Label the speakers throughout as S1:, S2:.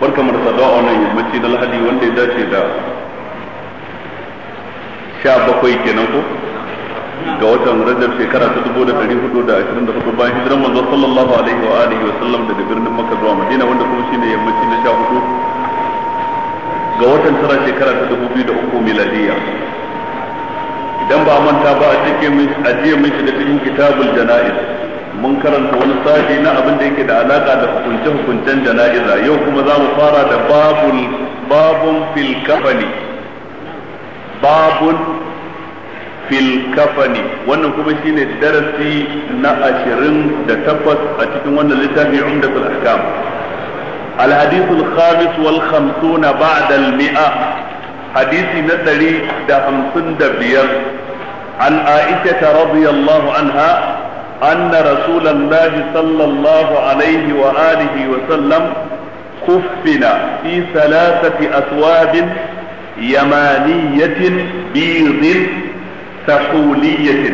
S1: barka mu da sadawa wannan yammaci na lahadi wanda ya dace da sha bakwai kenan ko ga watan rajab shekara ta dubu da ɗari hudu da ashirin da hudu bayan hijiran manzo sallallahu alaihi wa alihi wa sallam daga birnin makka zuwa madina wanda kuma shine yammaci na sha hudu ga watan tara shekara ta dubu biyu da uku miladiya idan ba manta ba a cikin ajiye mun da cikin kitabul jana'iz mun karanta wani sashi na abin da yake da alaka da hukunce hukuncen jana'iza yau kuma za mu fara da babul babun fil kafani babun fil kafani wannan kuma shine darasi na ashirin da takwas a cikin wannan littafi umdatul ahkam الحديث الخامس mi'a hadisi na حديث da hamsin da biyar an رضي radiyallahu anha. أن رسول الله صلى الله عليه وآله وسلم كفن في ثلاثة أثواب يمانية بيض سحولية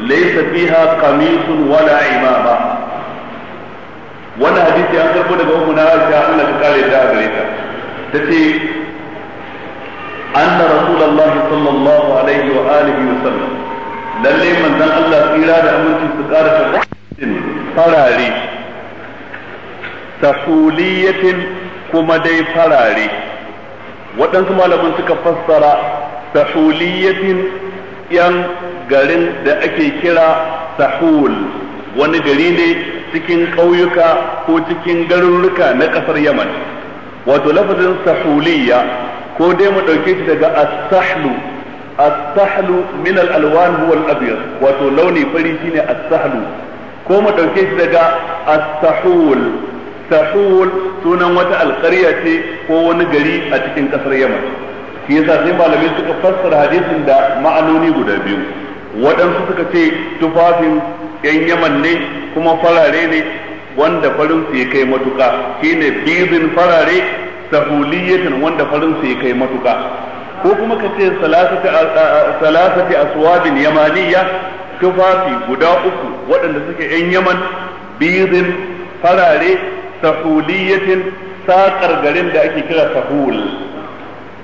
S1: ليس فيها قميص ولا عمامة وانا حديثي أن تقول لك أمنا عائشة أن تقال تتي أن رسول الله صلى الله عليه وآله وسلم lalle manzan Allah tsira da aminci su ƙara tabbatin farare tasuliyatin kuma dai farare waɗansu malaman suka fassara tasuliyatin yan garin da ake kira sahul wani gari ne cikin ƙauyuka ko cikin garurruka na ƙasar yaman wato lafazin sahuliya ko dai mu ɗauke shi daga as astahlu min al-alwan huwa al wato launi fari shine astahlu ko mu dauke shi daga astahul tahul sunan wata alƙarya ce ko wani gari a cikin kasar yaman shi yasa sai malamai suka fassara hadisin da ma'anoni guda biyu waɗansu suka ce tufafin yan yaman ne kuma farare ne wanda farin su ya kai matuka shine bizin farare tahuliyatan wanda farin su ya kai matuka ko kuma ka ce salasati aswabin yamaniya tufafi guda uku waɗanda suke yan yaman birin, farare sahuliyatin saƙar garin da ake kira sahul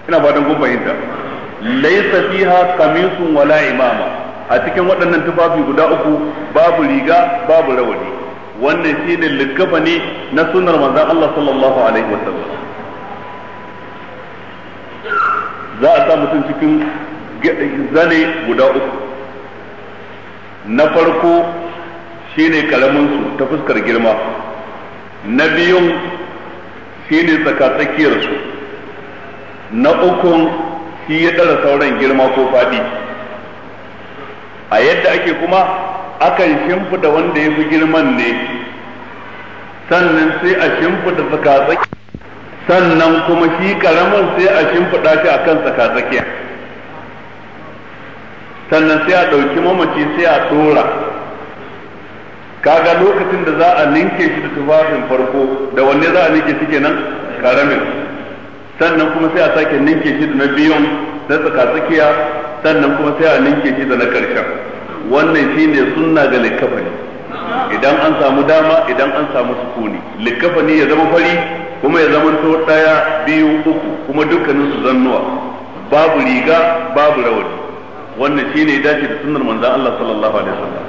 S1: ina ba don gumbayinta laisa fiha kamisun wala imama a cikin waɗannan tufafi guda uku babu riga babu rawani wannan shine likkafa ne na sunnar manzon Allah sallallahu alaihi wasallam za a sa mutum cikin zane guda uku na farko shi ne su ta fuskar girma na biyun shi ne tsakatsakiyarsu na ukun shi ya tsara sauran girma ko faɗi a yadda ake kuma akan shimfida wanda ya fi girman ne sannan sai a shimfida tsakatsakiyar sannan kuma shi karamin sai a shimfiɗa shi a kan tsakatsakiya sannan sai a ɗauki mamaci sai a ɗora kaga lokacin da za a ninke shi da tufafin farko da wanne za a ninke shi kenan karamin sannan kuma sai a sake ninke shi da na biyun na tsakatsakiya sannan kuma sai a ninke shi da na ƙarshen wannan shine sunna ga likafani idan an samu dama idan an samu sukuni likafani ya zama fari kuma ya to daya biyu uku kuma dukkanin su zannuwa babu riga babu rawani wannan shine ya dace da sunnar manzon Allah sallallahu alaihi wasallam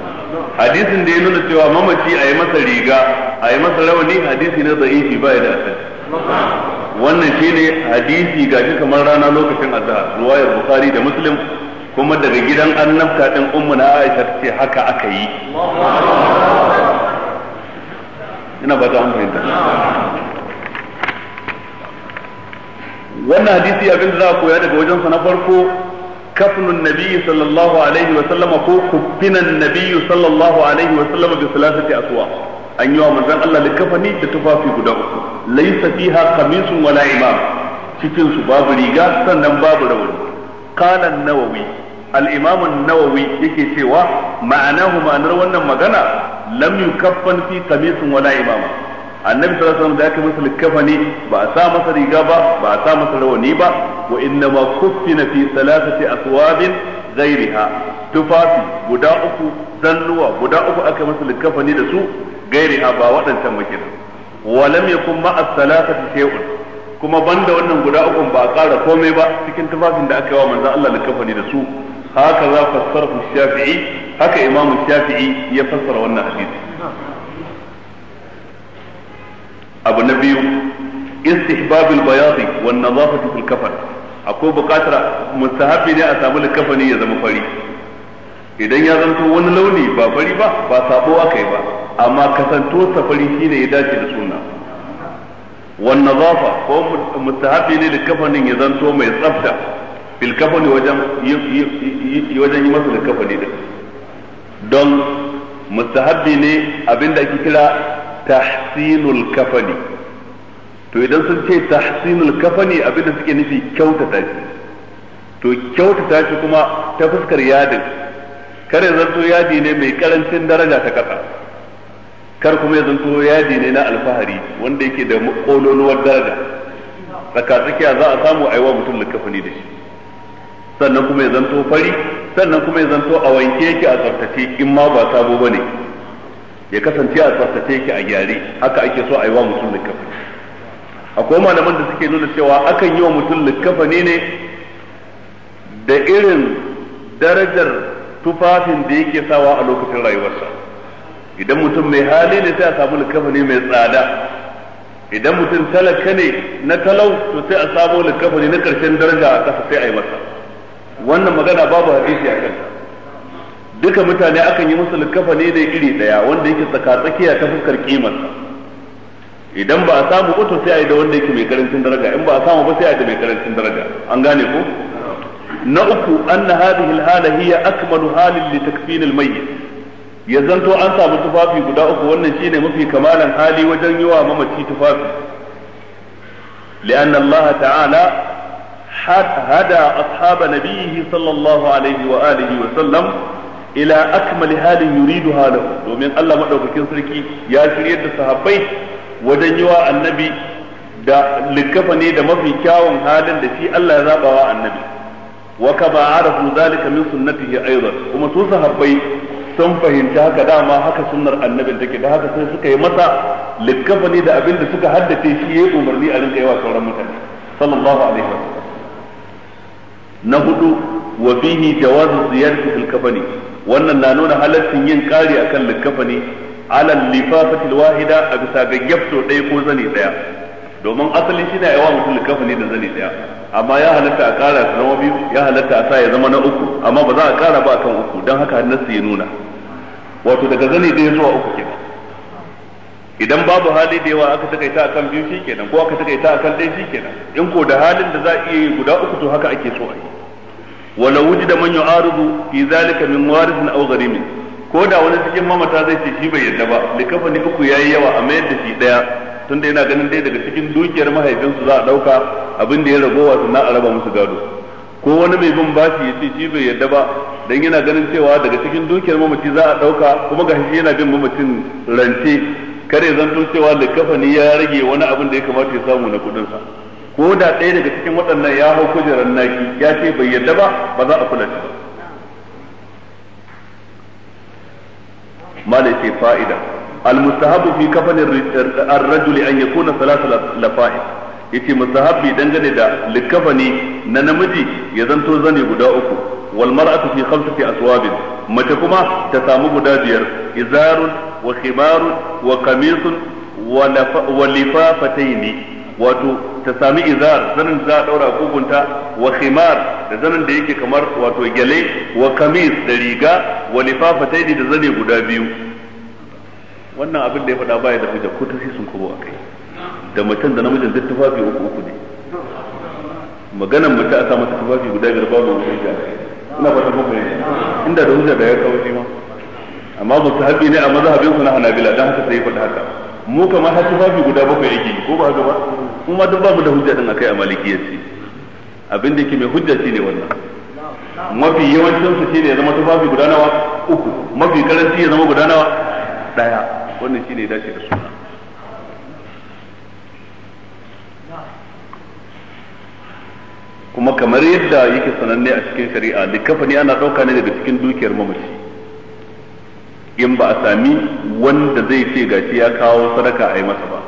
S1: hadisin da ya nuna cewa mamaci a yi masa riga a yi masa rawani hadisi na da'ifi ba ya da asali wannan shine hadisi gashi kamar rana lokacin azhar ruwayar bukhari da muslim kuma daga gidan annabta din ummu na Aisha ce haka aka yi ina ba ta wannan hadisi abin da za a koya daga wajen sa na farko kafnun nabiyyi sallallahu alaihi wa sallama ko kubbinan nabiyyi sallallahu alaihi wa sallama bi salasati aswa an yi wa manzon Allah likafani da tufafi guda uku laysa fiha qamisun wala imam cikin su babu riga sannan babu rawani qala an-nawawi al-imam an-nawawi yake cewa ma'anahu ma'anar wannan magana lam yukaffan fi qamisin wala imama annabi sallallahu alaihi wasallam da aka masa likafani ba a sa masa riga ba ba a sa masa rawani ba wa inna ma kuffina fi salasati aswabin ghairiha tufafi guda uku zannuwa guda uku aka masa likafani da su ghairiha ba waɗancan makin wa lam yakun ma as-salasati shay'un kuma banda wannan guda uku ba a ƙara komai ba cikin tufafin da aka yi wa manzon Allah likafani da su haka za fassara shafi'i haka imamu shafi'i ya fassara wannan hadisi abu na biyu istihbabul bayadi wan nadafatu fil kafan akwai bukatar mustahabi ne a samu likafani ya zama fari idan ya zanto wani launi ba fari ba ba sabo aka yi ba amma kasanto safari shine ya dace da sunna wan nadafa ko mustahabi ne likafanin ya zanto mai tsafta fil kafani wajen wajen yi masa likafani din don mustahabi ne abinda ake kira tahsinul kafani to idan sun ce tahsinul kafani abinda suke nufi kyautata shi to kyautata shi kuma ta fuskar yadin kar ya zanto yadi ne mai karancin daraja ta kasa kar kuma ya zanto yadi ne na alfahari wanda yake da makololuwar daraja tsaka tsakiya za a samu aiwa mutum likafani da shi sannan kuma ya zanto fari sannan kuma ya zanto a wanke yake a tsaftace in ma ba sabo bane ne ya kasance a tsaftace yake a gyare haka ake so a yi wa mutum likafani akwai malaman da suke nuna cewa akan yi wa mutum likafani ne da irin darajar tufafin da yake sawa a lokacin rayuwarsa idan mutum mai hali ne sai a samu likafani mai tsada idan mutum talaka ne na talau to sai a likafa likafani na karshen daraja a ƙasa sai a yi masa wannan magana babu hadisi a kanta duka mutane akan yi musu likafa ne da iri daya wanda yake tsaka tsakiya ta fuskar kimarsa idan ba a samu ba sai a yi da wanda yake mai karancin daraja in ba a samu ba sai a yi da mai karancin daraja an gane ko na uku anna hadhihi alhala hiya akmalu halin li takfin almayyit ya zanto an samu tufafi guda uku wannan shine mafi kamalan hali wajen yiwa mamaci tufafi لأن الله تعالى هدى أصحاب نبيه صلى الله عليه وآله وسلم ila akmali halin yuridu halahu domin Allah madaukakin sarki ya shiryar da sahabbai wajen yi wa annabi da likafa ne da mafi kyawun halin da shi Allah ya zaɓa wa annabi wa kama arafu zalika min sunnatihi aidan kuma su sahabbai sun fahimci haka dama haka sunnar annabin ke, da haka sai suka yi masa likafa ne da abin da suka haddace shi yayi umarni a rinka yi sauran mutane sallallahu alaihi wasallam na hudu wa fihi jawazu ziyarati al-kafani wannan na nuna halaccin yin kari akan ne alal lifafatil wahida a bisa ga gyafto ɗaya ko zane ɗaya domin asali shi ne yawa mutum ne da zane ɗaya amma ya halatta a kara su zama biyu ya halatta a sa ya zama na uku amma ba za a kara ba akan uku don haka hannarsu ya nuna wato daga zane ɗaya zuwa uku kenan idan babu hali da yawa aka takaita akan biyu kenan ko aka a akan ɗaya kenan in ko da halin da za a iya yi guda uku to haka ake so a yi wala wujida man yu'aridu fi zalika min warithin aw gharimin ko da wani cikin mamata zai ce shi bai yadda ba ni uku yayi yawa a mayar da shi daya tunda yana ganin dai daga cikin dukiyar mahaifinsu za a dauka abin da ya ragowa sannan a raba musu gado ko wani mai bin bashi ya ce shi bai yadda ba dan yana ganin cewa daga cikin dukiyar mamaci za a dauka kuma ga shi yana bin mamacin rance kare zanto cewa ni ya rage wani abin da ya kamata ya samu na kudin sa ko da ɗaya daga cikin waɗannan ya hau kujerar naki ya ce bai yadda ba ba za a kula shi ba malai ce fa'ida almustahabu fi kafanin ar-rajuli an yakuna salatu lafa'id yace mustahabbi dangane da likafani na namiji ya zanto zane guda uku wal mar'atu fi khamsati aswabin mace kuma ta samu guda biyar izarun wa khimarun wa qamisun wa lifafataini wato ta sami izar zanin za a daura kugunta wa khimar da zanin da yake kamar wato gyale wa kamis da riga wa lifafataini da zane guda biyu wannan abin da ya faɗa baya da hujja ko ta sun kubo kai. da mutum da namijin duk tufafi uku uku ne maganan mace a sa mata tufafi guda biyar babu wani hujja ina fata ko fahimta inda da hujja da ya kawo shi ma amma mustahabi ne a mazhabin su na Hanabila dan haka sai ya faɗa haka mu kamar har tufafi guda bakwai yake ko ba haka ba kuma duk babu da hujja din akai a malikiyanci abin da yake mai hujja shine wannan mafi yawancin su shine ya zama tufafi guda nawa uku mafi karanci ya zama guda nawa daya wannan shine ya dace da su kuma kamar yadda yake sananne a cikin shari'a likafani ana dauka ne daga cikin dukiyar mamaci in ba a sami wanda zai ce gashi ya kawo sadaka a yi masa ba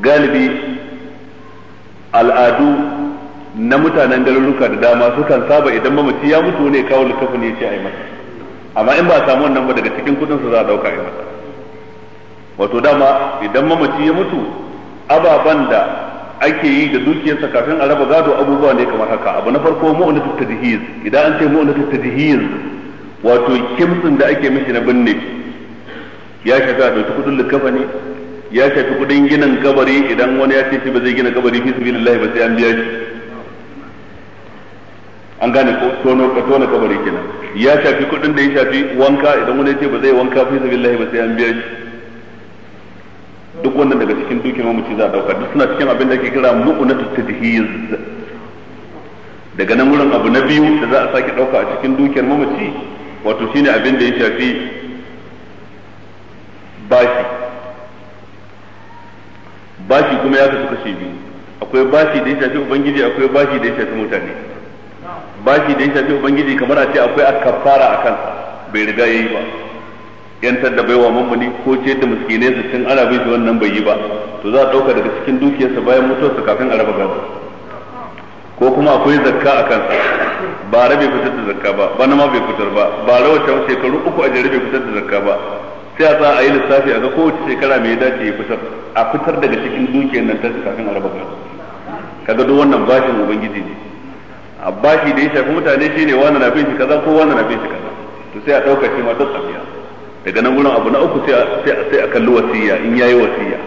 S1: galibi al'adu na mutanen garuruka da dama sukan saba idan mamaci ya mutu ne kawo littafin ya ce a yi masa amma in ba a samu wannan ba daga cikin kudin su za a dauka a yi masa wato dama idan mamaci ya mutu ababen da ake yi da dukiyarsa kafin a raba gado abubuwa ne kamar haka abu na farko mu'unatu tajhiz idan an ce mu'unatu tajhiz wato kimtsin da ake mishi na binne ya shafi a ɗauki kudin likafa ne ya shafi kudin ginin kabari idan wani ya ce shi ba zai gina kabari fi sabilillahi ba sai an biya shi an gane ko tono ka tona kabari kenan ya shafi kudin da ya shafi wanka idan wani ya ce ba zai wanka fi sabilillahi ba sai an biya shi duk wannan daga cikin dukiyar mamaci za a dauka duk suna cikin abin da ake kira mu'unatu tadhiyiz daga nan wurin abu na biyu da za a sake dauka a cikin dukiyar mamaci wato shine abin da ya shafi bashi bashi kuma ya kasu kashe biyu akwai bashi da ya shafi ubangiji akwai bashi da ya shafi mutane bashi da ya shafi ubangiji kamar a ce akwai a kafara a kan bai riga ya yi ba yantar da baiwa mummuni ko ce da miskinai su cin ana bai wannan bai yi ba to za a ɗauka daga cikin dukiyarsa bayan mutuwarsa kafin a raba gaba ko kuma akwai zakka a kansa bara bai fitar da zakka ba bana ma bai fitar ba bara wata shekaru uku a jere bai fitar da zakka ba sai a za a yi lissafi a ga kowace shekara mai dace ya fitar a fitar daga cikin dukiyar nan ta kafin a raba kaga duk wannan bashin ubangiji ne a bashi da ya shafi mutane shine wani na binci shi kaza ko wani na binci shi kaza to sai a dauka shi ma duk abiya daga nan gurin abu na uku sai a kalli wasiya in yayi wasiya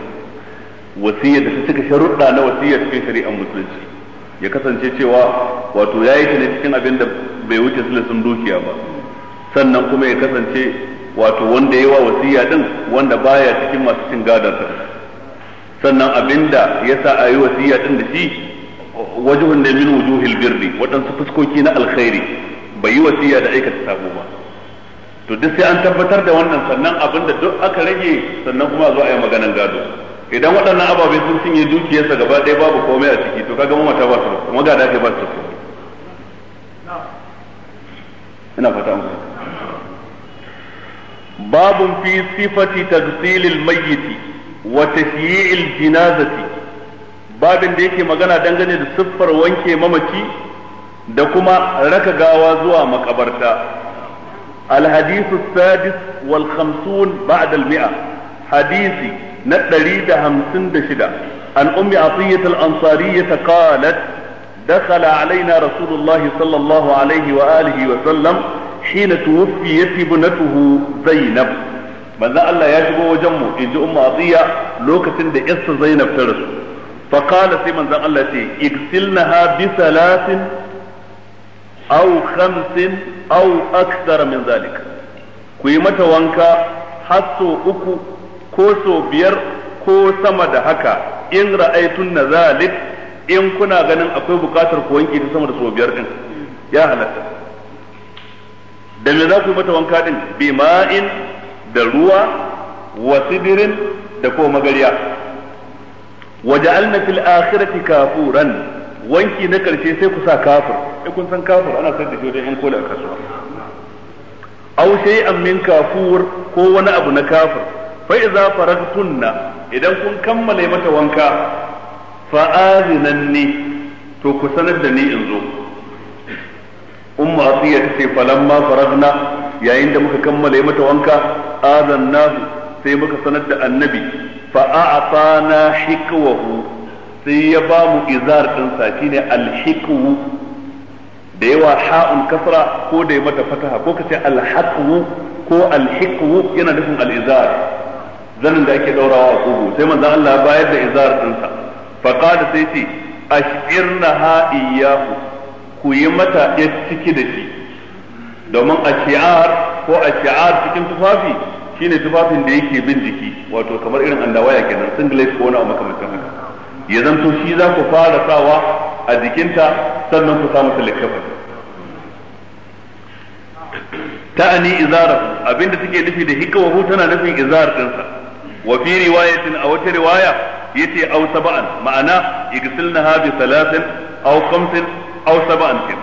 S1: wasiya da su suka sharuɗa na wasiya cikin shari'ar musulunci ya kasance cewa wato ya yi ne cikin abin da bai wuce sun dukiya ba sannan kuma ya kasance wato wanda ya yi wa wasiya din wanda baya cikin masu cin gadarsa sannan abin da ya sa a yi wasiya din da shi wanda ya minu wujuhil birri waɗansu fuskoki na alkhairi bai yi wasiya da aikata sabo ba to duk sai an tabbatar da wannan sannan abin da duk aka rage sannan kuma zo a yi maganan gado idan waɗannan ababe sun cinye dukiyarsa gaba ɗaya babu komai a ciki to kaga mamata ba su da kuma ga dace ba su da ina fata musu babun fi sifati tagsilil mayyiti wa tashyi'il jinazati babin da yake magana dangane da siffar wanke mamaci da kuma raka gawa zuwa makabarta الحديث السادس والخمسون بعد mi'a Hadisi. na ɗari da hamsin da shida an ummi asiyyat al-ansariyya qalat دخل علينا رسول الله صلى الله عليه وآله وسلم حين توفيت ابنته zainab. manzon Allah ya shigo wajen mu inji umma atiya lokacin da yarsa Zainab ta rasu fa qala sai manzon Allah ce igsilnaha bi salatin aw khamsin aw akthar min zalik ku yi mata wanka har uku ko so biyar ko sama da haka in ra'aytun na in kuna ganin akwai bukatar ku wanke ta sama da so biyar din ya halatta da me za ku mata wanka din bima'in da ruwa wa sidirin da ko magariya waja'alna fil akhirati kafuran wanki na karshe sai ku sa kafir sai kun san kafir ana sai da shi wajen yan kola a kasuwa aw shay'an min kafur ko wani abu na kafir fa idza faragtunna idan kun kammale mata wanka fa azinanni to ku sanar da ni in zo umma asiya tace falamma faragna yayin da muka kammale mata wanka azanna sai muka sanar da annabi fa a'tana hikwahu sai ya ba mu izar din saki ne alhikwu da yawa ha'un kasra ko da mata fataha ko kace alhaqwu ko alhikwu yana nufin alizar zanin da ake daurawa a kugu sai manzo Allah bayar da izar dinsa fa qala sai ce ha iyahu ku yi mata yar ciki da shi domin ashi'ar ko ashi'ar cikin tufafi shine tufafin da yake bin jiki wato kamar irin andawaya kenan singlet ko wani abu makamancin haka ya zanto shi za ku fara sawa a jikinta sannan ku samu talakkafa ta'ani izarahu abinda take nufi da hikawahu tana nufin izar dinsa wa fi riwayatin a wata riwaya yace aw sab'an ma'ana igsilnaha bi salasin aw khamsin aw sab'an kin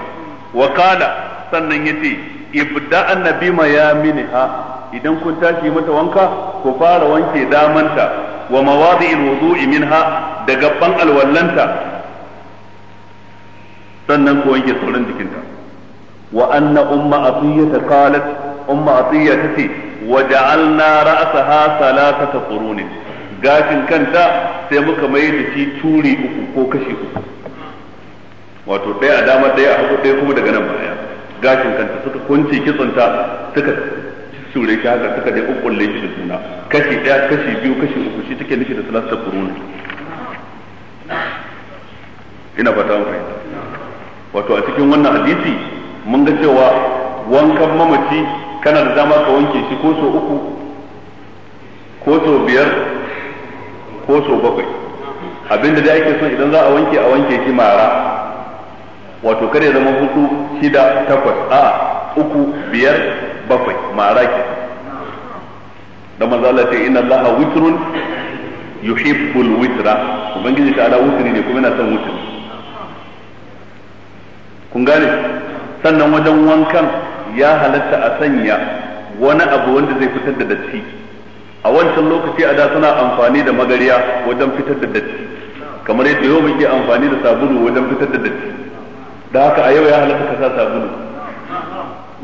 S1: wa qala sannan yace ibda annabi ma yaminha idan kun tashi mata wanka ku fara wanke damanta wa mawadi'il wudu'i minha da gabban alwallanta sannan ku wanke sauran jikinta wa anna umma atiyya qalat umma atiyya tace wa ja'alna ra'saha salasata gashin kanta sai muka mai da shi turi uku ko kashi uku wato ɗaya a dama ɗaya a hagu ɗaya kuma daga nan baya gashin kanta suka kunce kitsonta suka sure shi haka suka dai kukkulle shi da suna. kashi ɗaya kashi biyu kashi uku shi take nufi da salasata qurunin ina fata mu fahimta wato a cikin wannan hadisi mun ga cewa wankan mamaci kana da dama ka wanke shi ko so uku ko so biyar ko so bakwai abinda da ake son idan za a wanke a wanke shi mara wato kare ya zama hudu shida takwas a uku biyar bakwai mara ke da mazala ce ina Allah witrun yuhibbul witra ubangiji ta ala wutri ne kuma yana son wutri kun gane sannan wajen wankan ya halatta a sanya wani abu wanda zai fitar da datti a wancan lokaci a da suna amfani da magariya wajen fitar da datti kamar yadda yau muke amfani da sabulu wajen fitar da datti da haka a yau ya halatta ka sa sabulu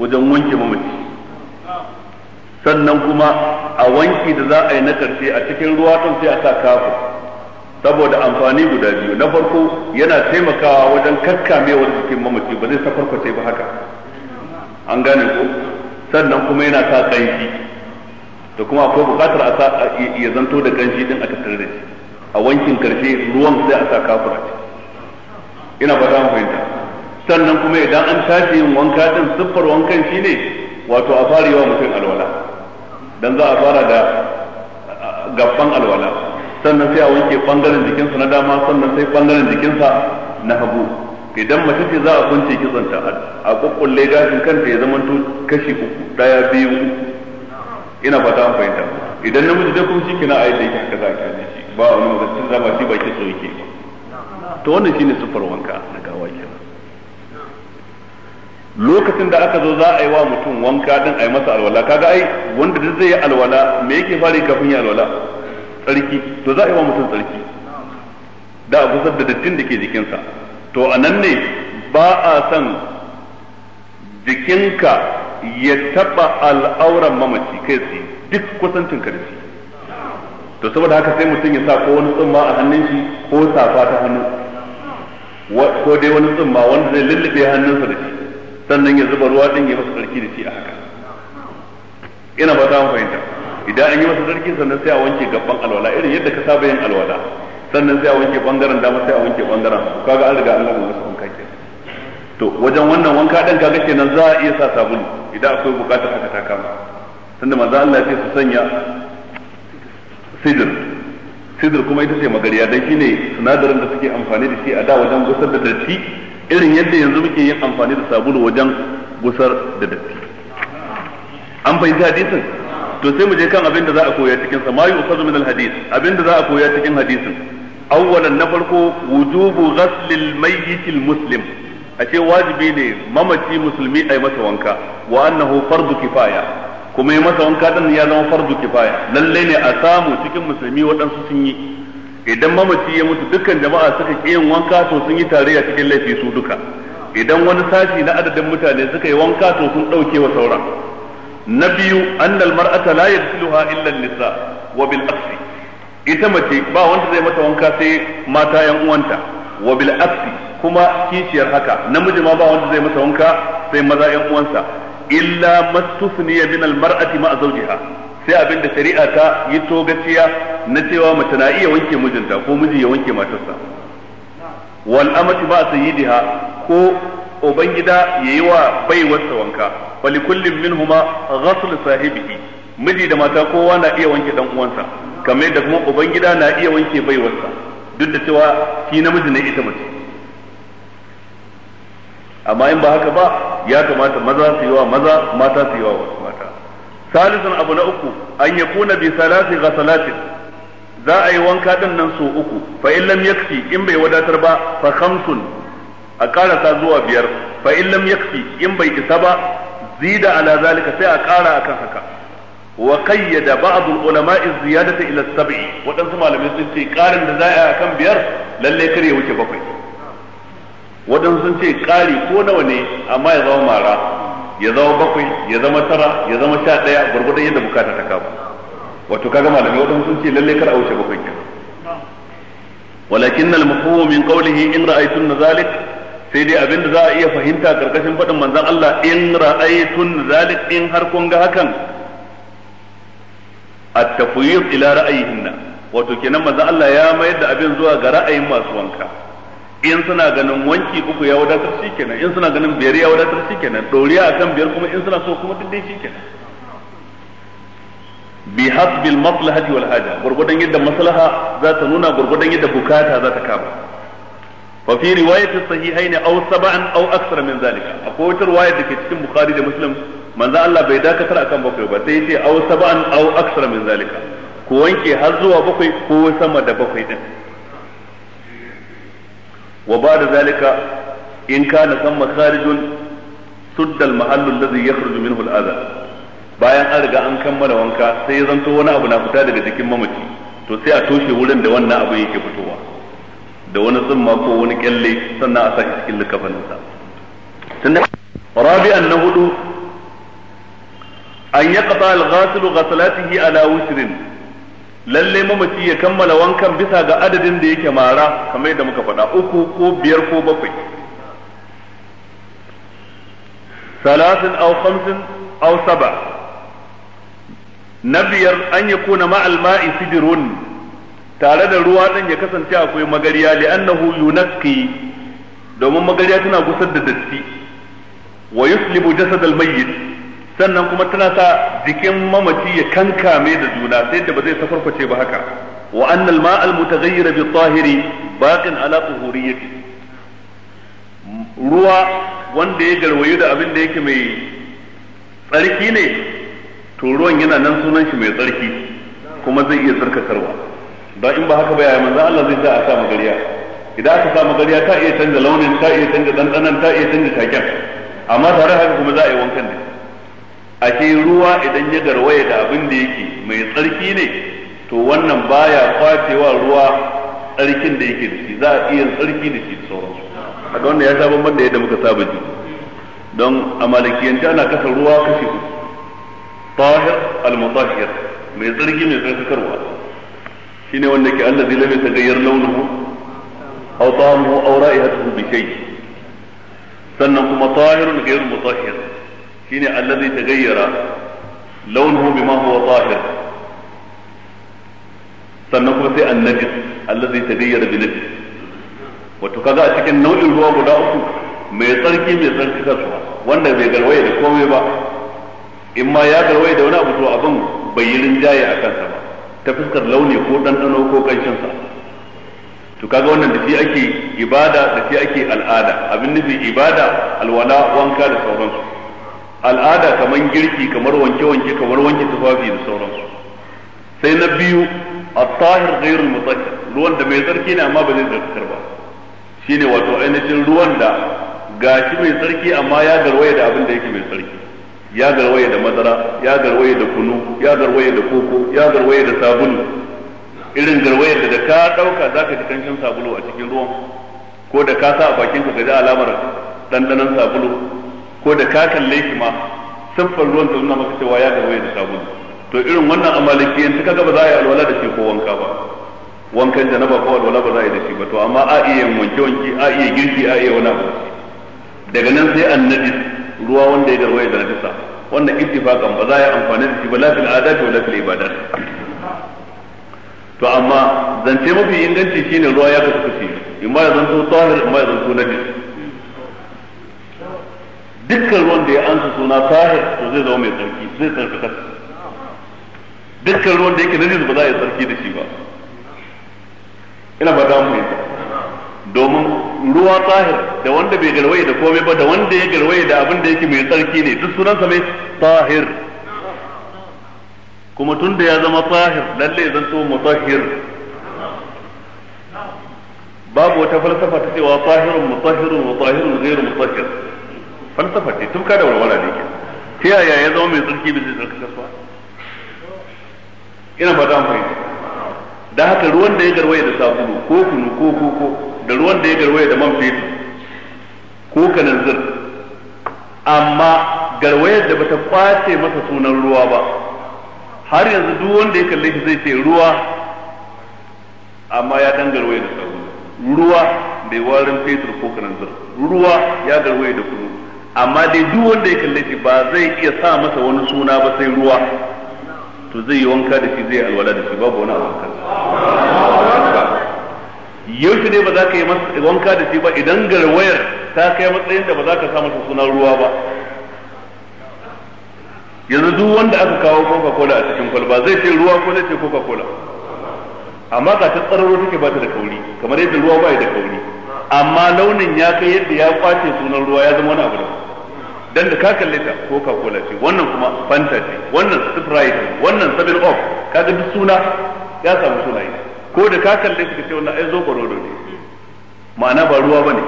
S1: wajen wanke mamaci sannan kuma a wanki da za a yi na karshe a cikin ruwa ɗin sai a sa kafa saboda amfani guda biyu na farko yana taimakawa wajen kakkamewar jikin mamaci ba zai safarkwace ba haka an gane ko sannan kuma yana sa kanshi da kuma akwai bukatar a sa ya zanto da kanshi din a tattare da shi a wankin karshe ruwan sai a sa kafura ina fata mu fahimta sannan kuma idan an tashi yin wanka din siffar wankan shi ne wato a fara yawa mutum alwala dan za a fara da gaban alwala sannan sai a wanke bangaren jikinsa na dama sannan sai bangaren jikinsa na hagu idan mace ce za a kunce ta a kukkulle gashin kanta ya zama to kashi uku daya biyu ina fata an fahimta idan namiji da kuma shi kina a yadda yake kaza za a shi ba wani magacin zama shi ba kitso yake to wannan shine sufar wanka na gawa ke lokacin da aka zo za a yi wa mutum wanka din a yi masa alwala kaga ai wanda duk zai yi alwala me yake fari kafin ya alwala tsarki to za a yi wa mutum tsarki da a gusar da dattin da ke jikinsa to a nan ne ba a son jikinka ya taɓa al'auran mamaci kai su duk kusancin ka da shi to saboda haka sai mutum ya sa ko wani tsumma a hannun shi ko safa ta hannu ko dai wani tsumma wanda zai lullube hannunsa da shi sannan ya zuba ruwa din ya masa sarki da shi a haka ina ba ta fahimta idan an yi masa sarki sannan sai a wanke gaban alwala irin yadda ka saba yin alwala sannan sai a wanke bangaren dama sai a wanke bangaren kaga an riga an gama wasu wanka ke to wajen wannan wanka din kaga kenan za a iya sa sabulu idan akwai bukatar haka ta kama tunda manzo Allah ya ce su sanya sidr sidr kuma ita ce magariya dan shine sinadarin da suke amfani da shi a da wajen gusar da datti irin yadda yanzu muke yin amfani da sabulu wajen gusar da datti an fahimci hadisin to sai mu je kan abin da za a koya cikin sa mayu yu'khadhu min al-hadith abin da za a koya cikin hadisin awwalan na farko wujubu ghaslil mai muslim a ce wajibi ne mamaci musulmi ai masa wanka wa annahu fardu kifaya kuma yi masa wanka din ya zama fardu kifaya lalle ne a samu cikin musulmi waɗansu sun yi idan mamaci ya mutu dukkan jama'a suka ƙi wanka to sun yi tarayya cikin laifi su duka idan wani sashi na adadin mutane suka yi wanka to sun ɗauke wa sauran na biyu annal mar'ata la yadsiluha illa nisa wa bil ita mace ba wanda zai mata wanka sai mata yan uwanta wa bil aksi kuma kishiyar haka namiji ma ba wanda zai mata wanka sai maza yan uwansa illa mastusniya min al mar'ati ma zawjiha sai abin da shari'a ta yi togaciya na cewa mace na iya wanke mijinta ko miji ya wanke matarsa wal amati ba sayyidiha ko ubangida yayi wa baiwarsa wanka kullin likullin huma ghasl sahibihi miji da mata kowa na iya wanke dan uwansa kamar da kuma ubangida na iya wanke baiwarsa duk da cewa shi namiji ne ita mace amma in ba haka ba ya kamata maza su yi wa maza mata su yi wa mata salisun abu na uku an ya kuna bi salati ga salatin za a yi wanka din nan so uku fa in lam yakfi in bai wadatar ba fa khamsun a karasa zuwa biyar fa in lam yakfi in bai isa ba zida ala zalika sai a kara akan haka wa qayyada ba'd ulama ziyadata ila sab'i wadansu malamai sun ce karin da za a kan biyar kar kare wuce bakwai wadansu sun ce kari ko nawa ne amma ya zama mara ya zama bakwai ya zama tara ya zama sha daya gurgurdan yadda bukata ta kama wato kaga malamai wadansu sun ce lalle kar a wuce bakwai walakin al-mafhum min qawlihi in ra'aytun zalik sai dai abinda za iya fahimta karkashin faɗin manzon Allah in ra'aytun zalik har kun hakan at-tafwid ila ra'ayihinna wato kenan manzo Allah ya mayar da abin zuwa ga ra'ayin masu wanka in suna ganin wanki uku ya wadatar shikenan in suna ganin biyar ya wadatar shikenan doriya akan biyar kuma in suna so kuma duk dai shikenan bi hasbil maslahati wal haja gurgudan yadda maslaha za ta nuna gurgudan yadda bukata za ta kama fa fi riwayati sahihaini aw sab'an aw akthar min zalika akwai wata riwaya da cikin bukhari da muslim manzo Allah bai dakatar akan bakwai ba sai yace aw sab'an aw aksara min zalika ku wanke har zuwa bakwai ko sama da bakwai din wa ba'da zalika in kana san kharijun suddal mahallu alladhi yakhruju minhu al-adha bayan an riga an kammala wanka sai ya zanto wani abu na fita daga jikin mamaci to sai a toshe wurin da wannan abu yake fitowa da wani tsumma ko wani kyalle sannan a sa cikin likafaninsa tunda rabi'an na hudu an yi ƙasa ghasilu ghasalatihi ala wusrin lalle mamaci ya kammala wankan bisa ga adadin da yake mara kamar yadda muka faɗa uku ko biyar ko bakwai salasin aw khamsin aw saba na biyar an kuna ma'al ma'i sidrun tare da ruwa din ya kasance akwai magariya li'annahu yunakki domin magariya tana gusar da datti wa yuslibu jasad al-mayyit sannan kuma tana sa jikin mamaci ya kankame da juna sai da ba zai safarface ba haka wa annal ma'al mutaghayyir bi tahiri baqin ala tuhuriyati ruwa wanda ya garwayu da abin da yake mai tsarki ne to ruwan yana nan sunan shi mai tsarki kuma zai iya tsarkakarwa ba in ba haka ba ya manzo Allah zai sa a sa magariya idan aka sa magariya ta iya canza launin ta iya canza dandanan ta iya canza taken amma tare haka kuma za a yi wankan ne ashe ruwa idan ya garwaye da abin da yake mai tsarki ne to wannan baya kwacewa ruwa tsarkin da yake da shi za a iya tsarki da shi sauransu ga wannan ya sha bamban da yadda muka saba ji don a malakiyanci ana kasa ruwa kashi uku tahir al-mutahhir mai tsarki mai tsarkakarwa shine wanda ke Allah zai lam gayyar launuhu aw ta'amuhu aw ra'ihatuhu bi shay sannan kuma tahirun ghayr mutahhir shine allazi tagayyara launuhu bima huwa zahir sannan kuma sai annajis allazi tagayyara bi najis wato kaga a cikin nau'in ruwa guda uku mai tsarki mai tsarki kasuwa wanda bai garwaye da komai ba in ma ya garwaye da wani abu to abin bai yi rinjaye a kansa ba ta fuskar launi ko ɗanɗano ko ƙanshinsa to kaga wannan da shi ake ibada da shi ake al'ada abin nufi ibada alwala wanka da sauransu al'ada kamar girki kamar wanke-wanke kamar wanke tufafi da sauransu sai na biyu a tahir ghayr al ruwan da mai tsarki ne amma ba zai tsarkar ba shine wato ainihin ruwan da gashi mai tsarki amma ya garwaye da abin da yake mai tsarki ya garwaye da madara ya garwaye da kunu ya garwaye da koko ya garwaye da sabulu irin garwaye da ka dauka zaka ji kanshin sabulu a cikin ruwan ko da ka sa a bakin ka ji alamar dandanan sabulu ko da ka kalle shi ma siffar ruwan ta nuna maka cewa ya waye da sabulu to irin wannan a yanzu kaga ba za a yi alwala da shi ko wanka ba wankan da na ba ko alwala ba za a yi da shi ba to amma a iya wanke wanke a iya girki a iya wani abu daga nan sai annabi ruwa wanda ya garwaye da najasa wannan ittifaqan ba za a yi amfani da shi ba lafil adati wa la fil ibadat to amma zance mafi inganci shine ruwa ya kasu kashi imma ya zanto tahir imma ya zanto najis dukkan ruwan da ya ansa suna tahir to zai zama mai tsarki zai kasa. dukkan ruwan da yake na ba za a yi tsarki da shi ba ina ba da mu domin ruwa tahir da wanda bai garwaye da komai ba da wanda ya garwaye da abin da yake mai tsarki ne duk sunansa mai tahir kuma tun da ya zama tahir lalle zan to mutahhir babu wata falsafa ta cewa tahirun mutahhirun mutahhirun ghairu mutahhir falsafa ce tufka da walwala ne ke ta yaya ya zama mai tsarki bai zai tsarki su ina fata mu fahimta da haka ruwan da ya garwaye da sabulu ko kunu ko koko da ruwan da ya garwaye da man fetur ko kananzir amma garwayar da bata kwace masa sunan ruwa ba har yanzu duk wanda ya kalle shi zai ce ruwa amma ya dan garwaye da sabulu ruwa bai warin fetur ko kananzir ruwa ya garwaye da kunu amma dai duk wanda ya kalle shi ba zai iya sa masa wani suna ba sai ruwa to zai yi wanka da shi zai alwala da shi babu wani wanka yaushe ne ba za ka yi wanka da shi ba idan garwayar ta kai matsayin da ba za ka sa masa sunan ruwa ba yanzu duk wanda aka kawo coca cola a cikin kwalba zai ce ruwa ko zai ce coca cola amma ga ta tsararo take ba ta da kauri kamar yadda ruwa ba da kauri amma launin ya kai yadda ya kwace sunan ruwa ya zama wani abu da dan da ka kalle ta coca cola ce wannan kuma fanta ce wannan sprite wannan seven up kaga duk suna ya samu sunaye ko da ka kalle ta ce wannan ai zo barodo ne ma'ana ba ruwa bane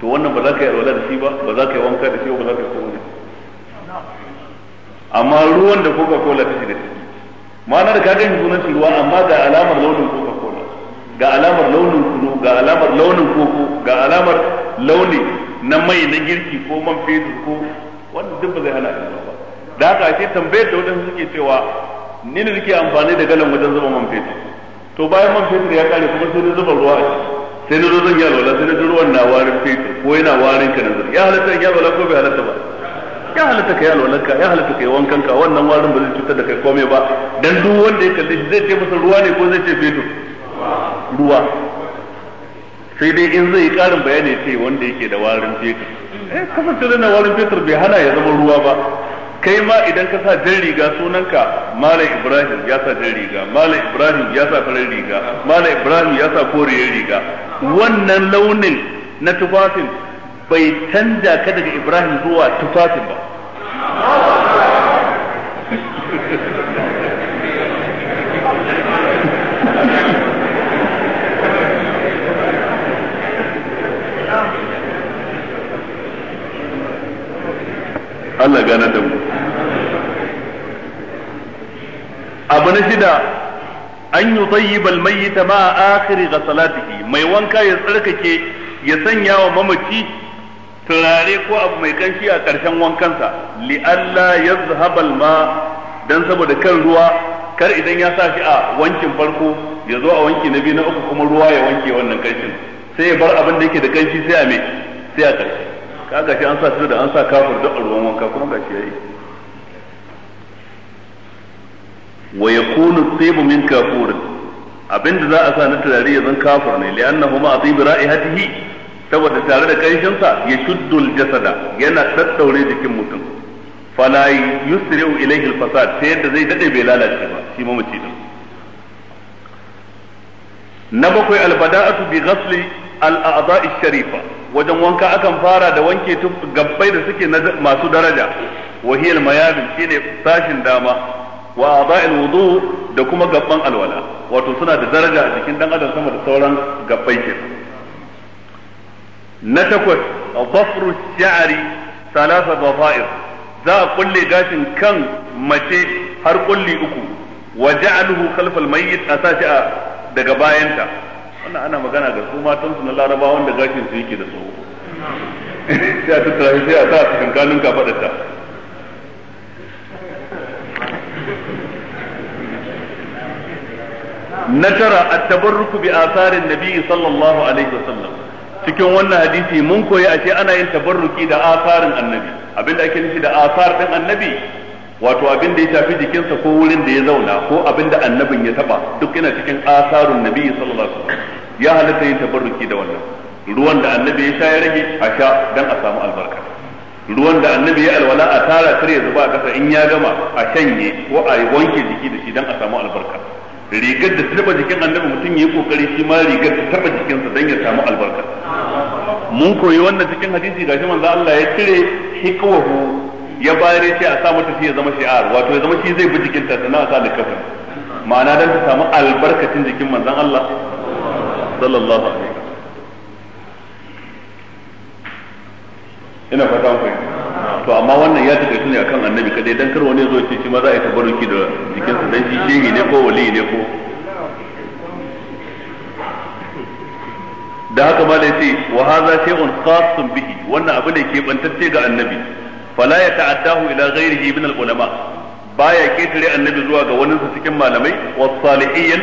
S1: to wannan ba za ka yi alwala da shi ba ba za ka yi wanka da shi ba za ka yi komai amma ruwan da coca cola ta da ciki ma'ana da ka ga sunan shi ruwa amma ga alamar launin coca cola ga alamar launin kunu ga alamar launin koko ga alamar launin na mai na girki ko man fetur ko wanda duk ba zai hana ka ba da haka sai tambayar da wadanda suke cewa ni ne nake amfani da galan wajen zuba man fetur to bayan man fetur ya kare kuma sai na zuba ruwa a sai na zo zan yi alwala sai na ji ruwan na warin fetur ko yana warin ka nazar ya halatta ya yi ko bai halatta ba ya halatta ka yi ka ya halatta ka yi wankanka wannan warin ba zai cutar da kai komai ba dan duk wanda ya kalle shi zai ce masa ruwa ne ko zai ce fetur ruwa sai dai in zai karin bayani ce wanda yake da warin fetur eh kafin da na warin fetur bai hana ya zama ruwa ba kai ma idan ka sa jan riga sunanka malam ibrahim ya sa jan riga malam ibrahim ya sa farin riga malam ibrahim ya sa koriyar riga wannan launin na tufafin bai canja ka daga ibrahim zuwa tufafin ba Allah gane da mu abu na shida an yi tsayyibal ta ma a akhiri ga salatiki, mai wanka ya tsarkake ya sanya wa mamaci turare ko abu mai kanshi a ƙarshen wankansa li'alla ya zahabal ma don saboda kan ruwa kar idan ya sa shi a wankin farko ya zo a wanki na biyu na uku kuma ruwa ya wanke wannan kanshin sai ya bar abin da yake da kanshi sai a mai sai a ƙarshe ka shi an sa da an sa kafir da ruwan wanka kuma gashi yayi wa yakunu tsibu min kafurin abinda za a sa na turare ya zan kafir ne li'annahu ma atibi ra'ihatihi saboda tare da kanshin sa ya shuddul jasada yana tattaure jikin mutum fala yusri'u ilayhi al-fasad sai yadda zai dade bai lalace ba shi mamaci din na bakwai albada'atu bi ghasli al-a'dha'i sharifa wajen wanka akan fara da wanke gabbai da suke masu daraja wa hiyal mayamin shine sashin dama wa adail wudu da kuma gabban alwala wato suna da daraja a jikin dan adam sama da sauran gabbai ke na takwas dhafru sha'ri salasa dhafair za a kulle gashin kan mace har kulli uku wa ja'aluhu khalfal mayyit a sashi a daga bayanta wannan ana magana ga su matan su na larabawa wanda gashin su yake da su sai a tattara sai a sa a kankanin kafadarta na tara at-tabarruku bi asarin nabi sallallahu alaihi wasallam cikin wannan hadisi mun koyi ashe ana yin tabarruki da asarin annabi abinda ake nufi da asar din annabi wato abin da ya shafi jikinsa ko wurin da ya zauna ko abin da annabin ya taba duk yana cikin asarun nabi sallallahu alaihi wasallam ya halatta yin tabarruki da wannan ruwan da annabi ya sha ya rage a sha dan a samu albarka ruwan da annabi ya alwala a tara kar ya zuba a kasa in ya gama a shanye ko a wanke jiki da shi dan a samu albarka rigar da taba jikin annabi mutum ya yi kokari shi ma rigar ta taba jikinsa dan ya samu albarka mun koyi wannan cikin hadisi gashi manzo Allah ya cire hikwahu ya bayar ya ce a sa mata shi ya zama shi'ar wato ya zama shi zai bi jikinta sannan a sa kafin ma'ana dan ta samu albarkacin jikin manzon Allah sallallahu alaihi wasallam ina fata ku to amma wannan ya take ne akan annabi kadai dan kar wani zo ya ce shi ma za a yi tabaruki da jikinsa dan shi shehi ne ko wali ne ko da haka ma da yace wa hadha shay'un khassun bihi wannan abu ne ke bantacce ga annabi fala ya ta'addahu ila ghairihi min al-ulama baya ketare annabi zuwa ga wani su cikin malamai was salihin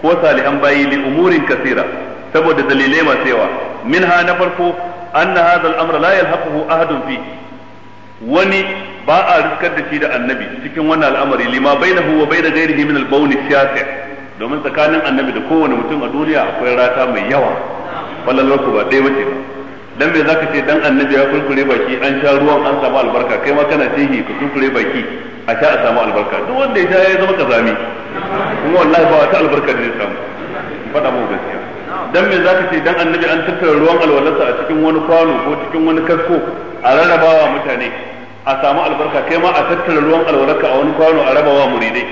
S1: ko salihan bayi li umurin kasira saboda dalilai masu yawa minha na farko an hadha al-amr la yalhaquhu ahadun fi wani ba a riskar da shi da annabi cikin wannan al'amari lima bainahu wa baina ghairihi min al-bawn shafi domin tsakanin annabi da kowane mutum a duniya akwai rata mai yawa wallahi ba dai bace ba dan me zaka ce dan annabi ya kulkure baki an sha ruwan an samu albarka kai ma kana tihi ka kulkure baki a sha a samu albarka duk wanda ya sha ya zama kazami kuma wallahi ba wata albarka da zai samu faɗa mu gaskiya dan me zaka ce dan annabi an tattara ruwan alwalarsa a cikin wani kwano ko cikin wani kasko a rarrabawa mutane a samu albarka kai ma a tattara ruwan alwalarka a wani kwano a rabawa muridai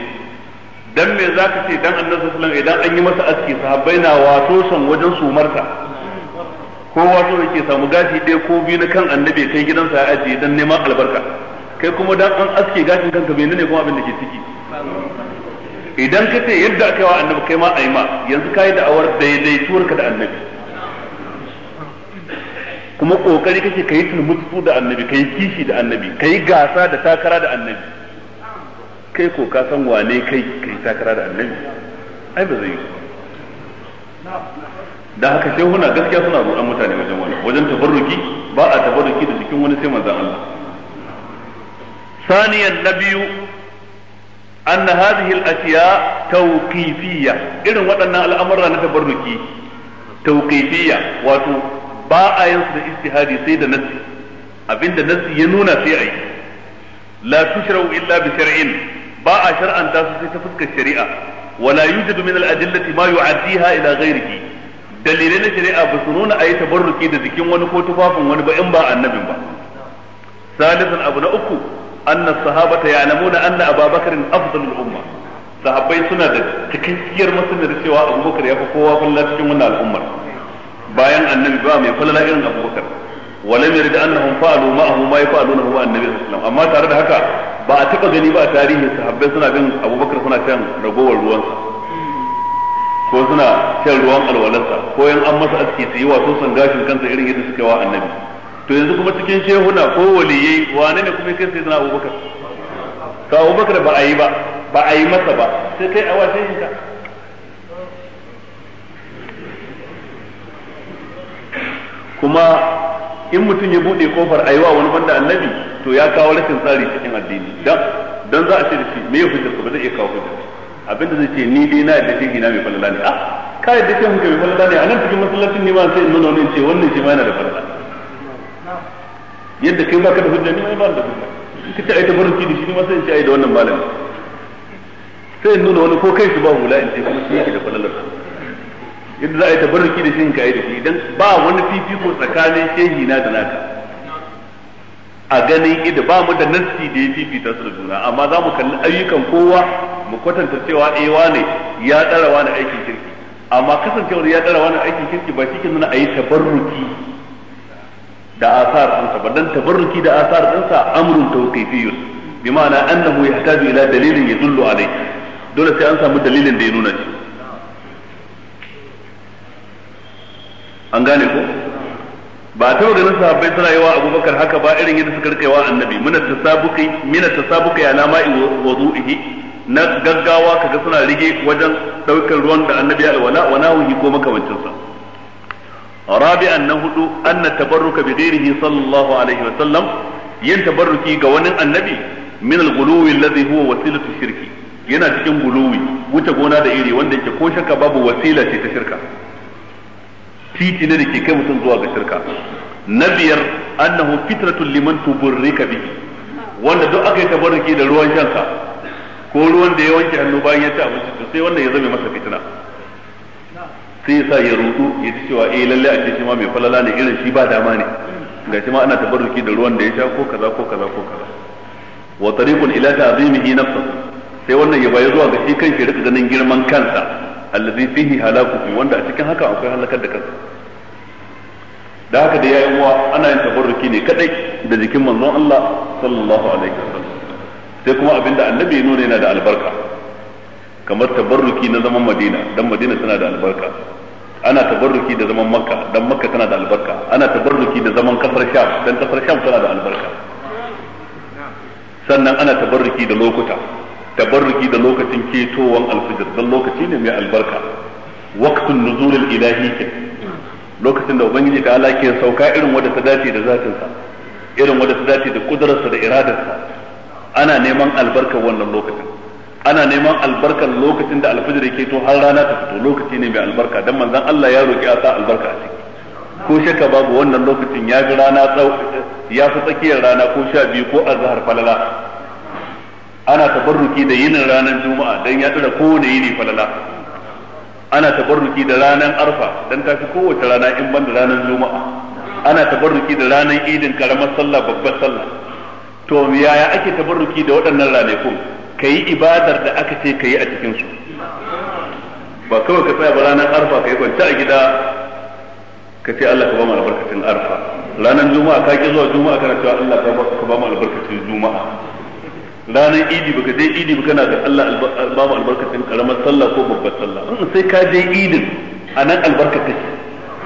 S1: dan me zaka ce dan annabi sallallahu alaihi wasallam idan an yi masa aski sahabbai na wato san wajen sumarta kowa da yake samu gashi ɗaya ko biyu na kan annabi kai gidansa ya ajiye dan neman albarka kai kuma dan an aske gashin kanka menene kuma abin da ke ciki idan ka ce yadda aka yi wa annabi kai ma a ma yanzu ka yi da'awar tuwarka da annabi kuma kokari kake ka yi tulmutsu da annabi ka kishi da annabi ka gasa da takara da annabi kai ko ka san wane kai ka takara da annabi ai ba zai yi da haka sai huna gaskiya suna ruɗan mutane wajen wani wajen tabarruki ba a tabarruki da cikin wani sai manzon Allah saniyan na biyu anna hadhihi al-ashiya tawqifiyya irin waɗannan al'amura na tabarruki tawqifiyya wato ba a yin su da istihadi sai da nassi abinda nassi ya nuna sai ayi la tushra'u illa bi shar'in ba a shar'anta su sai ta fuskar shari'a wala yujadu min al-adillati ma yu'addiha ila ghayrihi dalilai na shari'a ba su nuna a yi tabarruki da jikin wani ko tufafin wani ba in ba annabin ba salisan abu na uku anna sahabata ya'lamuna anna ababakarin afdalul umma sahabbai suna da cikakkiyar masanar cewa abubakar ya fi kowa kulla cikin wannan al'ummar bayan annabi ba mai kulla irin abubakar walam yarid annahum fa'alu ma'ahu ma na huwa annabi sallallahu amma tare da haka ba a taba gani ba a tarihin sahabbai suna bin abubakar suna kan ragowar ruwansa ko suna shan ruwan alwalarsa ko yan an masa aski su yi wasu san gashin kansa irin yadda suka wa annabi to yanzu kuma cikin shehuna ko waliyai wane ne kuma kai sai suna abubakar ka abubakar ba a yi ba ba a yi masa ba sai kai awa shi ka kuma in mutum ya bude kofar a yi wa wani banda annabi to ya kawo rashin tsari cikin addini dan dan za a ce da shi me ya hujjar ba zai iya kawo hujjar abinda zai ce ni dai na yadda shehi na mai falala ne a ah, ka yadda shehin ka mai falala ne a nan cikin masallacin ne ma sai in nuna wani ce wannan shi ma yana da falala yadda kai ka da hujja ni ma ba da hujja kace ai tabarruki da shi ni ma sai in ce ai da wannan malami sai in nuna wani ko kai su ba hula in ce kuma shi yake da falala yadda za a yi tabarruki da shi in ka yi da shi idan ba wani fifiko tsakanin shehi na da naka a ganin ido ba mu da nassi da ya fifita su da juna amma za mu kalli ayyukan kowa mu kwatanta cewa eh wane ya tsara wani aikin kirki amma kasancewar ya tsara wani aikin kirki ba shi ke nuna a yi tabarruki da asar ɗinsa ba dan tabarruki da asar ɗinsa amrun tawqifiyus bi ma'ana annahu yahtaju ila dalilin yadullu alayhi dole sai an samu dalilin da ya nuna shi an gane ko ba ta ganin sahabbai suna yi wa abubakar haka ba irin yadda suka rika wa annabi mina tasabuki mina tasabuki ala ma'i wudu'ihi na gaggawa kaga suna rige wajen ɗaukar ruwan da annabi ya alwala wa nawihi ko makamancin sa rabi'an na hudu anna tabarruka bi ghairihi sallallahu alaihi wa sallam yin tabarruki ga wani annabi min al-ghuluwi alladhi huwa wasilatu shirki yana cikin guluwi wuce gona da iri wanda yake ko shakka babu wasila ce ta shirka titi ne da ke kai mutum zuwa ga shirka na biyar annahu fitratul liman tuburrika bi. wanda duk aka yi tabarruki da ruwan shanka ko ruwan da ya wanke hannu bayan ya ci abinci to sai wanda ya zame masa fitina sai sa ya rudu ya ci cewa eh lalle a ce shi ma mai falala ne irin shi ba dama ne ga shi ma ana tabarruki da ruwan da ya sha ko kaza ko kaza ko kaza wa tariqun ila ta'zimihi nafsa sai wannan ya bayar zuwa ga shi kanshi rika ganin girman kansa allazi fihi halakukum wanda a cikin haka akwai halakar da kansa da haka da yayin wa ana yin tabarruki ne kadai da jikin manzon Allah sallallahu alaihi wasallam sai kuma abinda annabi nuna yana da albarka kamar tabarruki na zaman Madina dan Madina tana da albarka ana tabarruki da zaman Makka dan Makka tana da albarka ana tabarruki da zaman kasar Sham dan kasar Sham tana da albarka sannan ana tabarruki da lokuta tabarruki da lokacin ketowan alfijir lokaci ne mai albarka waqtun nuzulil ilahi lokacin da ubangiji ta ala ke sauka irin wanda ta dace da zatinsa irin wanda ta dace da kudurarsa da iradarsa ana neman albarkar wannan lokacin ana neman albarkar lokacin da alfijir yake har rana ta fito lokaci ne mai albarka dan manzon Allah ya roki a albarka ko shaka babu wannan lokacin ya fi rana ya fi tsakiyar rana ko sha biyu ko azhar falala ana tabarruki da yinin ranar juma'a dan ya dora kowane yini falala ana tabarruki da ranar arfa dan ta fi kowace rana in ban da ranar juma'a ana tabarruki da ranar idin karamar sallah babbar sallah to yaya ake tabarruki da waɗannan ranakun kayi ibadar da aka ce kayi a cikin su ba kawai ka tsaya ba ranar arfa ka yi kwanta a gida ka ce Allah ka ba mu albarkacin arfa ranar juma'a ka ki zuwa juma'a kana cewa Allah ka ba mu albarkacin juma'a ranar idi baka je idi baka na ga Allah babu albarkacin karamar sallah ko babbar sallah sai ka je idin a nan albarka take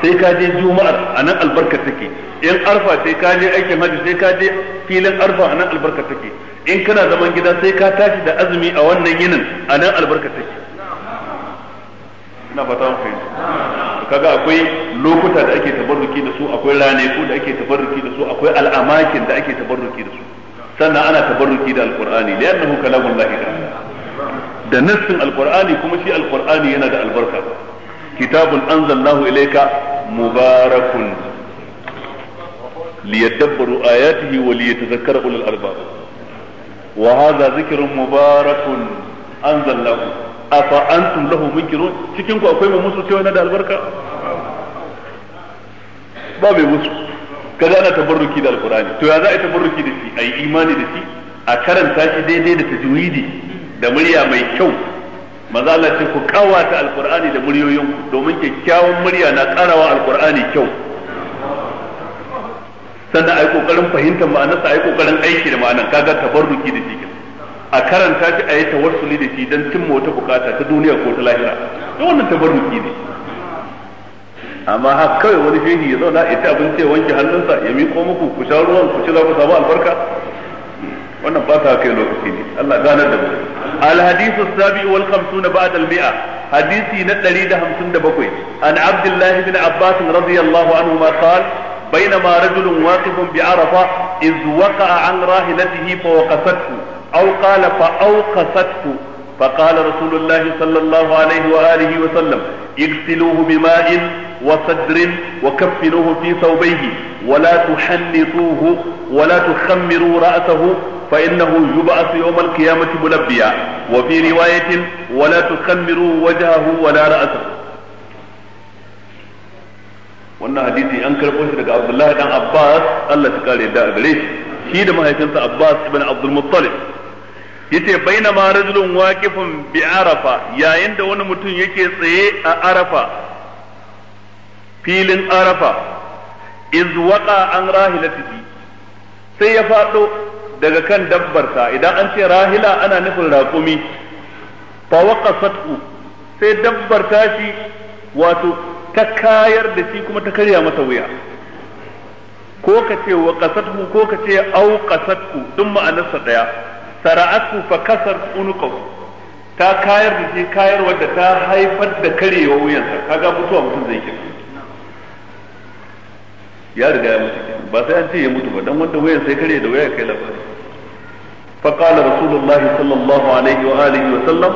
S1: sai ka je juma'ar a nan albarka take in arfa sai ka je aikin hajji sai ka je filin arfa a nan albarka take in kana zaman gida sai ka tashi da azumi a wannan yinin a nan albarka take ina fata mun kaga akwai lokuta da ake tabarruki da su akwai ranaku da ake tabarruki da su akwai al'amakin da ake tabarruki da su sannan ana tabarruki da alqur'ani li'annahu kalamullahi ta'ala da nassin alqur'ani kuma shi alqur'ani yana da albarka kitabun anzalnahu ilayka mubarakun liyadabbaru ayatihi wa liyatadhakkara ulul albab wa hadha dhikrun mubarakun anzalnahu afa antum lahu munkirun cikin ku akwai mu musu cewa yana da albarka ba mai musu kaza ana tabarruki da alqur'ani to ya za a yi tabarruki da shi a yi imani da shi a karanta shi daidai da tajwidi da murya mai kyau maza Allah ce ku kawata alqur'ani da muryoyin domin kyakkyawan murya na karawa alqur'ani kyau sannan ai kokarin fahimtar ma'anarsa ai kokarin aiki da ma'anar kaga tabarruki da shi a karanta shi a yi tawassuli da shi don cimma wata bukata ta duniya ko ta lahira to wannan tabarruki ne amma haka kawai wani shehi ya zauna ya ci abinci ya wanke hannunsa ya miko muku ku sha ruwan ku ci ku samu albarka wannan ba ta kai lokaci ne Allah gane da mu alhadithu sabi wal khamsuna ba'da al mi'a hadisi na ɗari 157 an abdullah ibn abbasin radiyallahu anhu ma qala بينما رجل واقف بعرفة إذ وقع عن راحلته فوقفته أو قال فأوقفته فقال رسول الله صلى الله عليه وآله وسلم اغسلوه بماء وصدر وكفنوه في ثوبيه ولا تحنطوه ولا تخمروا رأسه فإنه يبعث يوم القيامة ملبيا وفي رواية ولا تخمروا وجهه ولا رأسه wannan hadisi an karɓo shi daga Abdullahi dan Abbas Allah ta kare da gare shi shi da mahaifinsa Abbas ibn Abdul Muttalib yace bainama rajulun waqifun bi Arafa yayin da wani mutum yake tsaye a Arafa filin arafa iz waqa an rahilatihi sai ya faɗo daga kan dabbarsa idan an ce rahila ana nufin raƙumi fa waqafatu sai dabbar shi, wato ta kayar da shi kuma ta karya masa wuya ko ka ce wa ko ka ce au qasatku duk ma'anarsa daya sara'atku fa kasar unuqahu ta kayar da shi kayar wadda ta haifar da karyewa wuyansa kaga mutuwa mutum zai kira ya riga ya mutu ba sai an ce ya mutu ba dan wanda wayar sai kare da waya kai labari fa qala rasulullahi sallallahu alaihi wa alihi wa sallam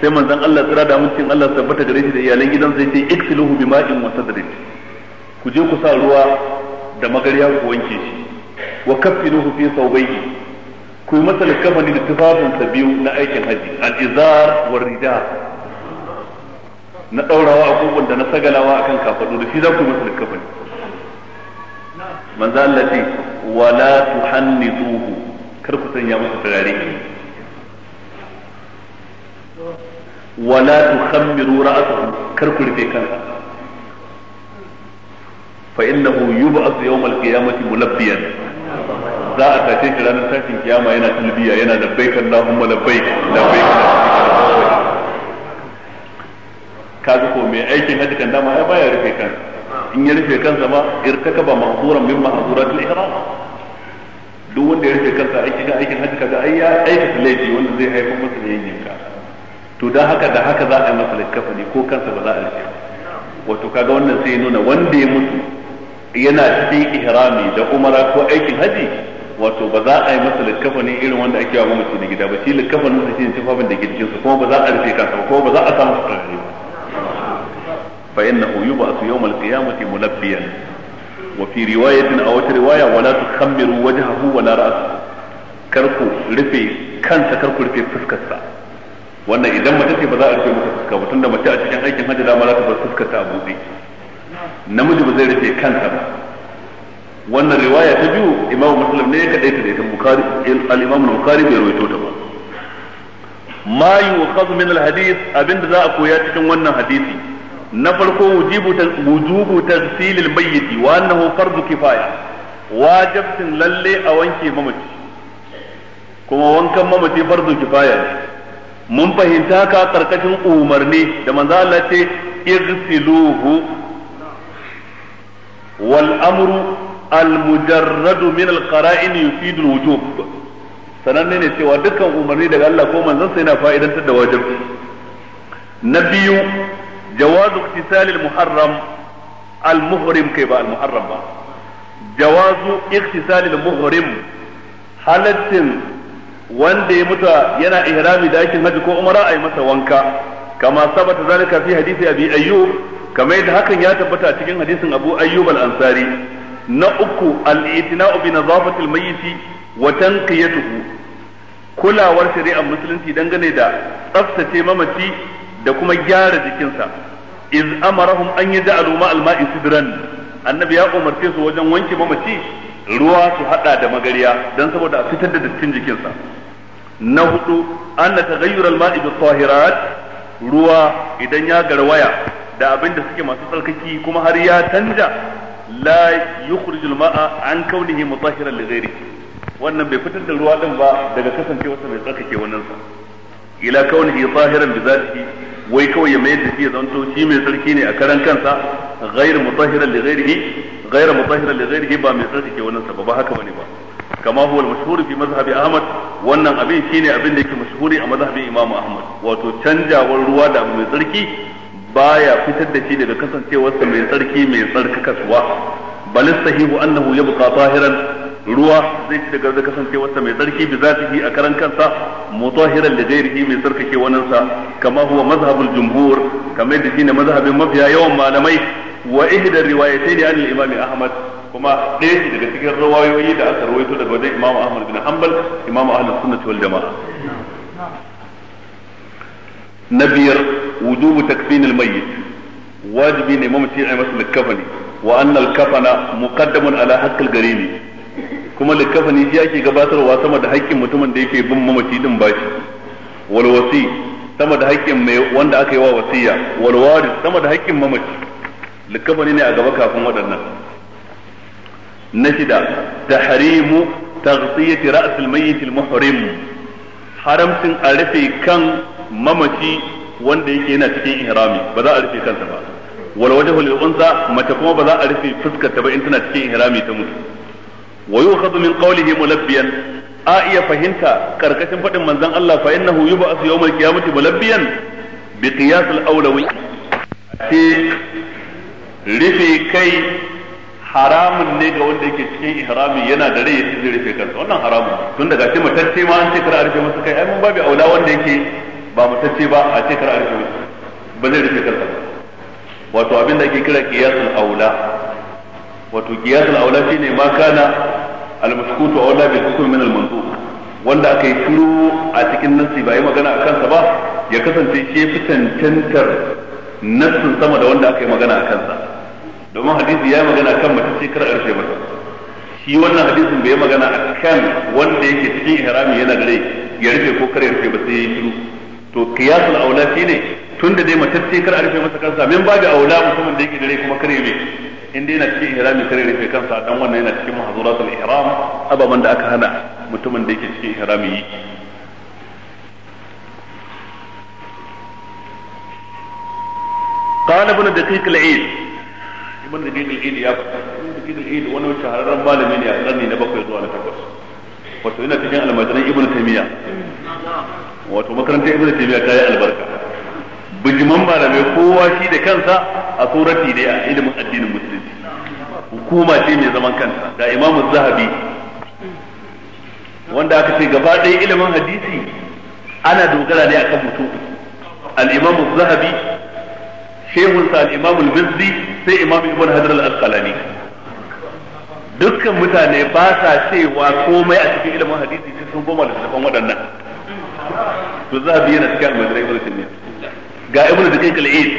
S1: sai manzon Allah tsira da mutum Allah tabbata gare shi da iyalan gidan sai ce iksiluhu bima'in wa sadrin ku je ku sa ruwa da magarya ku wanke shi wa kaffinuhu fi sawbayhi ku yi masa likafani da tufafin sa biyu na aikin haji al-izar war rida na daurawa abubuwan da na sagalawa akan kafadu da shi za ku yi masa likafani manzo Allah ce wala tuhannituhu kar ku sanya masa turare wala tukhammiru ra'atuhu kar ku rufe kansa fa innahu yub'athu yawm al-qiyamati mulabbiyan za a tace shi ranar tashin kiyama yana talbiya yana labbaik Allahumma labbaik labbaik kaga ko mai aikin hajji kan dama ya baya rufe kansa in ya rufe kansa ba irtakaba mahzuran min mahzuratil ihram duk wanda ya rufe kansa aiki ga aikin hajji kaga ai ya aikata laifi wanda zai haifar masa da yanka to dan haka da haka za a yi masa likafani ko kansa ba za a rufe wato kaga wannan sai ya nuna wanda ya mutu yana cikin ihrami da umara ko aikin hajji wato ba za a yi masa likafani irin wanda ake yawa mamaci na gida ba shi likafanin sa shine tufafin da ke jikinsa kuma ba za a rufe kansa ba kuma ba za a samu sutura فإنه يبعث يوم القيامة ملبيا وفي رواية أو رواية ولا تخمروا وجهه ولا رأسه كركو رفي كان كركو رفي فسكسا wannan idan mace ce ba za a rufe mata fuska ba tunda mace a cikin aikin hajji dama za ta bar fuskarta a buɗe namiji ba zai rufe kansa ba wannan riwaya ta biyu imamu muslim ne ya kaɗai ta daita bukari al-imamu bai ta ba ma abinda za a koya cikin wannan hadisi na farko wujubu tagsilil mayyiti wa annahu fardu kifaya wajibtin lalle a wanke mamaci kuma wankan mamaci fardu kifaya mun fahimta ka karkashin umarni da manzo Allah ce irsiluhu wal amru al mujarradu min al qara'in yufidu al wujub sananne ne cewa dukkan umarni daga Allah ko manzon sa yana fa'idantar da wajibi na biyu jawazu iktisal al muharram al muhrim kai ba al muharram ba jawazu iktisal al muhrim halattin wanda ya mutu yana ihrami da aikin haji ko umara yi masa wanka kama sabata zalika fi hadisi abi ayyub kamar yadda hakan ya tabbata cikin hadisin abu ayyub al ansari na uku al itina'u bi nadafati al mayyiti wa tanqiyatuhu kulawar shari'ar musulunci dangane da tsaftace mamaci da kuma gyara jikinsa iz amarahum an yi ma al-ma'i sidran annabi ya umarce su wajen wanke mamaci ruwa su hada da magariya dan saboda a fitar da dattin jikinsa na hudu anna taghayyur al-ma'i bi tahirat ruwa idan ya garwaya da abin da suke masu tsarkaki kuma har ya canja la yukhrijul ma'a an kaunihi mutahhiran li ghairi wannan bai fitar da ruwa din ba daga kasancewarsa mai tsarkake wannan sa ila kaunihi tahiran bi zatihi wai kawai ya mayar da shi ya zanto shi mai sarki ne a karan kansa ghairu mutahhiran li ghairihi ghairu mutahhiran li ghairihi ba mai sarki ke wannan sababa haka bane ba kama huwa al-mashhur fi mazhabi Ahmad wannan abin shine abin da yake mashhuri a mazhabin Imam Ahmad wato canjawar ruwa da mai sarki baya fitar da shi daga kasancewarsa mai sarki mai kasuwa bal sahihu annahu yabqa tahiran ruwa zai ci daga kasance wasa mai tsarki bi fi a karan kansa mutahiran da ghairihi mai tsarkake wannan sa kama huwa mazhabul jumhur kamar da shine mazhabin mafiya yawan malamai wa ihdar riwayatayn an al-imam ahmad kuma ɗaya ce daga cikin rawayoyi da aka rawaito daga wajen imam ahmad bin hanbal imam ahlus sunnah wal jamaa na biyar wujubu takfinil mayyit wajibi ne mamaci a masu likkafani wa annal kafana muqaddamun ala haqqil garimi kuma likafani shi ake gabatarwa sama da haƙƙin mutumin da yake bin mamaci din bashi wal wasi sama da haƙƙin mai wanda aka yi wa wasiya wal waris sama da haƙƙin mamaci likafani ne a gaba kafin waɗannan na shida tahrimu taghtiyati ra's al mayyit al muhrim haramcin a rufe kan mamaci wanda yake yana cikin ihrami ba za a rufe kansa ba wal wajhu lil unsa mace kuma ba za a rufe fuskar ta ba in tana cikin ihrami ta mutu wa yukhadhu min qawlihi mulabbiyan a iya fahimta karkashin fadin manzon Allah fa innahu yub'asu yawmal qiyamati mulabbiyan bi qiyas al-awlawi sai rufe kai haramun ne ga wanda yake cikin ihrami yana da ya ci rufe kansa wannan haramun tun daga shi matacce ma an ce a rufe masa kai ai mun babu aula wanda yake ba matacce ba a a rufe ba zai wato abinda ake kira qiyasul aula wato qiyasul aula shine ma kana al-maskutu aula bi hukm min al-mansub wanda aka yi a cikin nassi ba yi magana a kansa ba ya kasance shi fi cancantar nassin sama da wanda aka yi magana a kansa domin hadisi ya magana kan mace ce kar arshe mata shi wannan hadisin bai magana a wanda yake cikin ihrami yana da rai ya rufe ko kar ya rufe ba sai ya yi shiru to qiyasul aula shine tunda dai mace ce kar arshe mata kansa min babu aula musamman da yake da rai kuma kare ya in dai yana cikin ihrami kare rufe kansa dan wannan yana cikin mahzuratul ihram ababan da aka hana mutumin da yake cikin ihrami yi قال ابن دقيق العيد ابن دقيق العيد يا ابن دقيق العيد wani a karni na bakwai zuwa makarantar ibn ta yi albarka bijiman malamai kowa shi da kansa a surati ne a ilimin addinin hukuma ce mai zaman kanta ga imamu zahabi wanda aka ce gaba ɗaya ilimin hadisi ana dogara ne akan mutum al zahabi shehun sa al-imamu sai imamu ibn hajar al-asqalani dukkan mutane ba sa cewa komai a cikin ilimin hadisi sai sun goma da tafan waɗannan
S2: to zahabi yana cikin al-madrai
S1: ibn taymiyyah ga ibn dakiq al-eid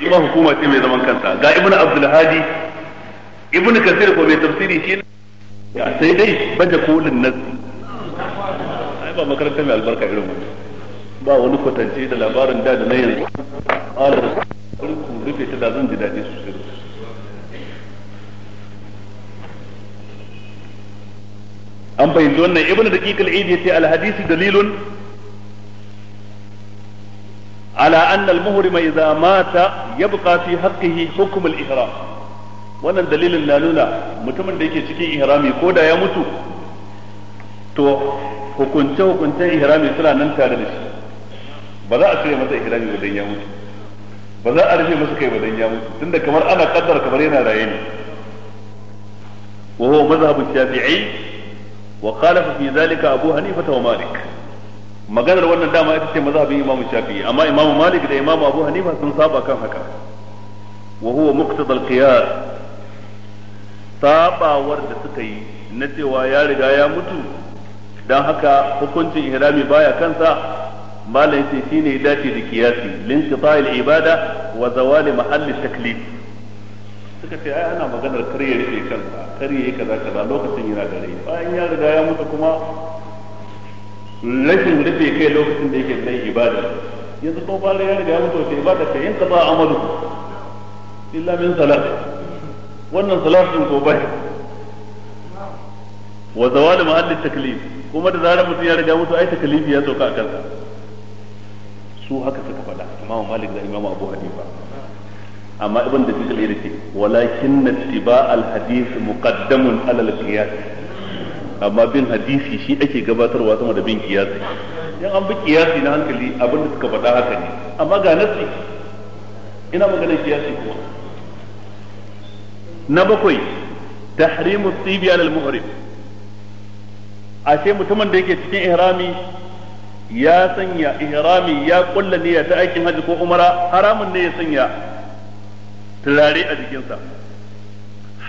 S1: shi hukuma ce mai zaman kanta ga ibn abdul hadi ibnu kasir ko mai tafsiri shi ya sai dai baje kolin nazi ai ba makarantar mai albarka irin wannan ba wani kwatance da labarin da da na yanzu alar ku rufe ta da zan ji daɗi sosai an fahimci wannan ibnu daqiq al-aid yace al-hadisi dalilun على أن المهرم إذا مات يبقى في حقه حكم الإحرام wannan dalilin na nuna mutumin da yake cikin ihrami ko da ya mutu to hukunce hukuncen ihrami suna nan tare da shi ba za a cire masa ihrami ba dan ya mutu ba za a rufe masa kai ba dan ya mutu tunda kamar ana kaddara kamar yana raye ne wa huwa mazhabu shafi'i wa khalafa fi zalika abu hanifa wa malik maganar wannan dama ita ce mazhabin imam shafi'i amma imam malik da imam abu hanifa sun saba kan haka wa huwa muqtada al-qiyas sabawar da suka yi na cewa ya riga ya mutu don haka hukuncin ihrami baya kansa malam sai shine ya dace da kiyasi fa'il ibada wa zawali mahalli shakli suka ce ai ana maganar kar ya rufe kansa kar ya yi kaza kaza lokacin yana da rai bayan ya riga ya mutu kuma rashin rufe kai lokacin da yake nan ibada yanzu kuma bayan ya riga ya mutu sai ibada ta yin ba amalu illa min salat wannan salah din ko bai wa zawal ma'al taklif kuma da zarar mutum ya riga mutu ai taklifi ya sauka a kansa su haka suka faɗa imamu malik da imamu abu hanifa amma ibn da fiqh ne walakin nattiba al hadith muqaddamun ala al qiyas amma bin hadisi shi ake gabatarwa sama da bin kiyasi yan an bi kiyasi na hankali abin da suka faɗa haka ne amma ga nasi ina maganar kiyasi kuma na bakwai tahrimu tsibi alal muhrim ashe mutumin da yake cikin ihrami ya sanya ihrami ya kulla niyya ta aikin haji ko umara haramun ne ya sanya turare a jikinsa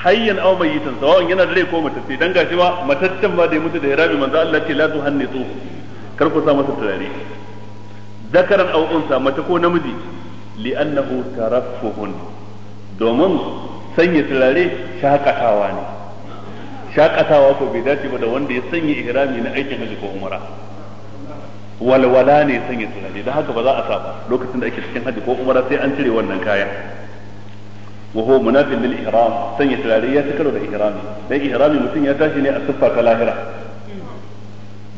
S1: hayyan aw mayitan sawan yana da rai ko matacce dan gashi ba mataccen ba da ya mutu da ihrami manzo Allah ce la tuhannitu kar ku sa masa turare zakaran au'unsa mata ko namiji li'annahu tarafuhun domin sanya turare shakatawa ne shakatawa ko bai dace ba da wanda ya sanya ihrami na aikin hajji ko umara walwala ne sanya turare don haka ba za a saba lokacin da ake cikin hajji ko umara sai an cire wannan kaya. wa huwa munafin lil ihram sanya turare ya ci karo da ihrami dan ihrami mutum ya tashi ne a siffa ta lahira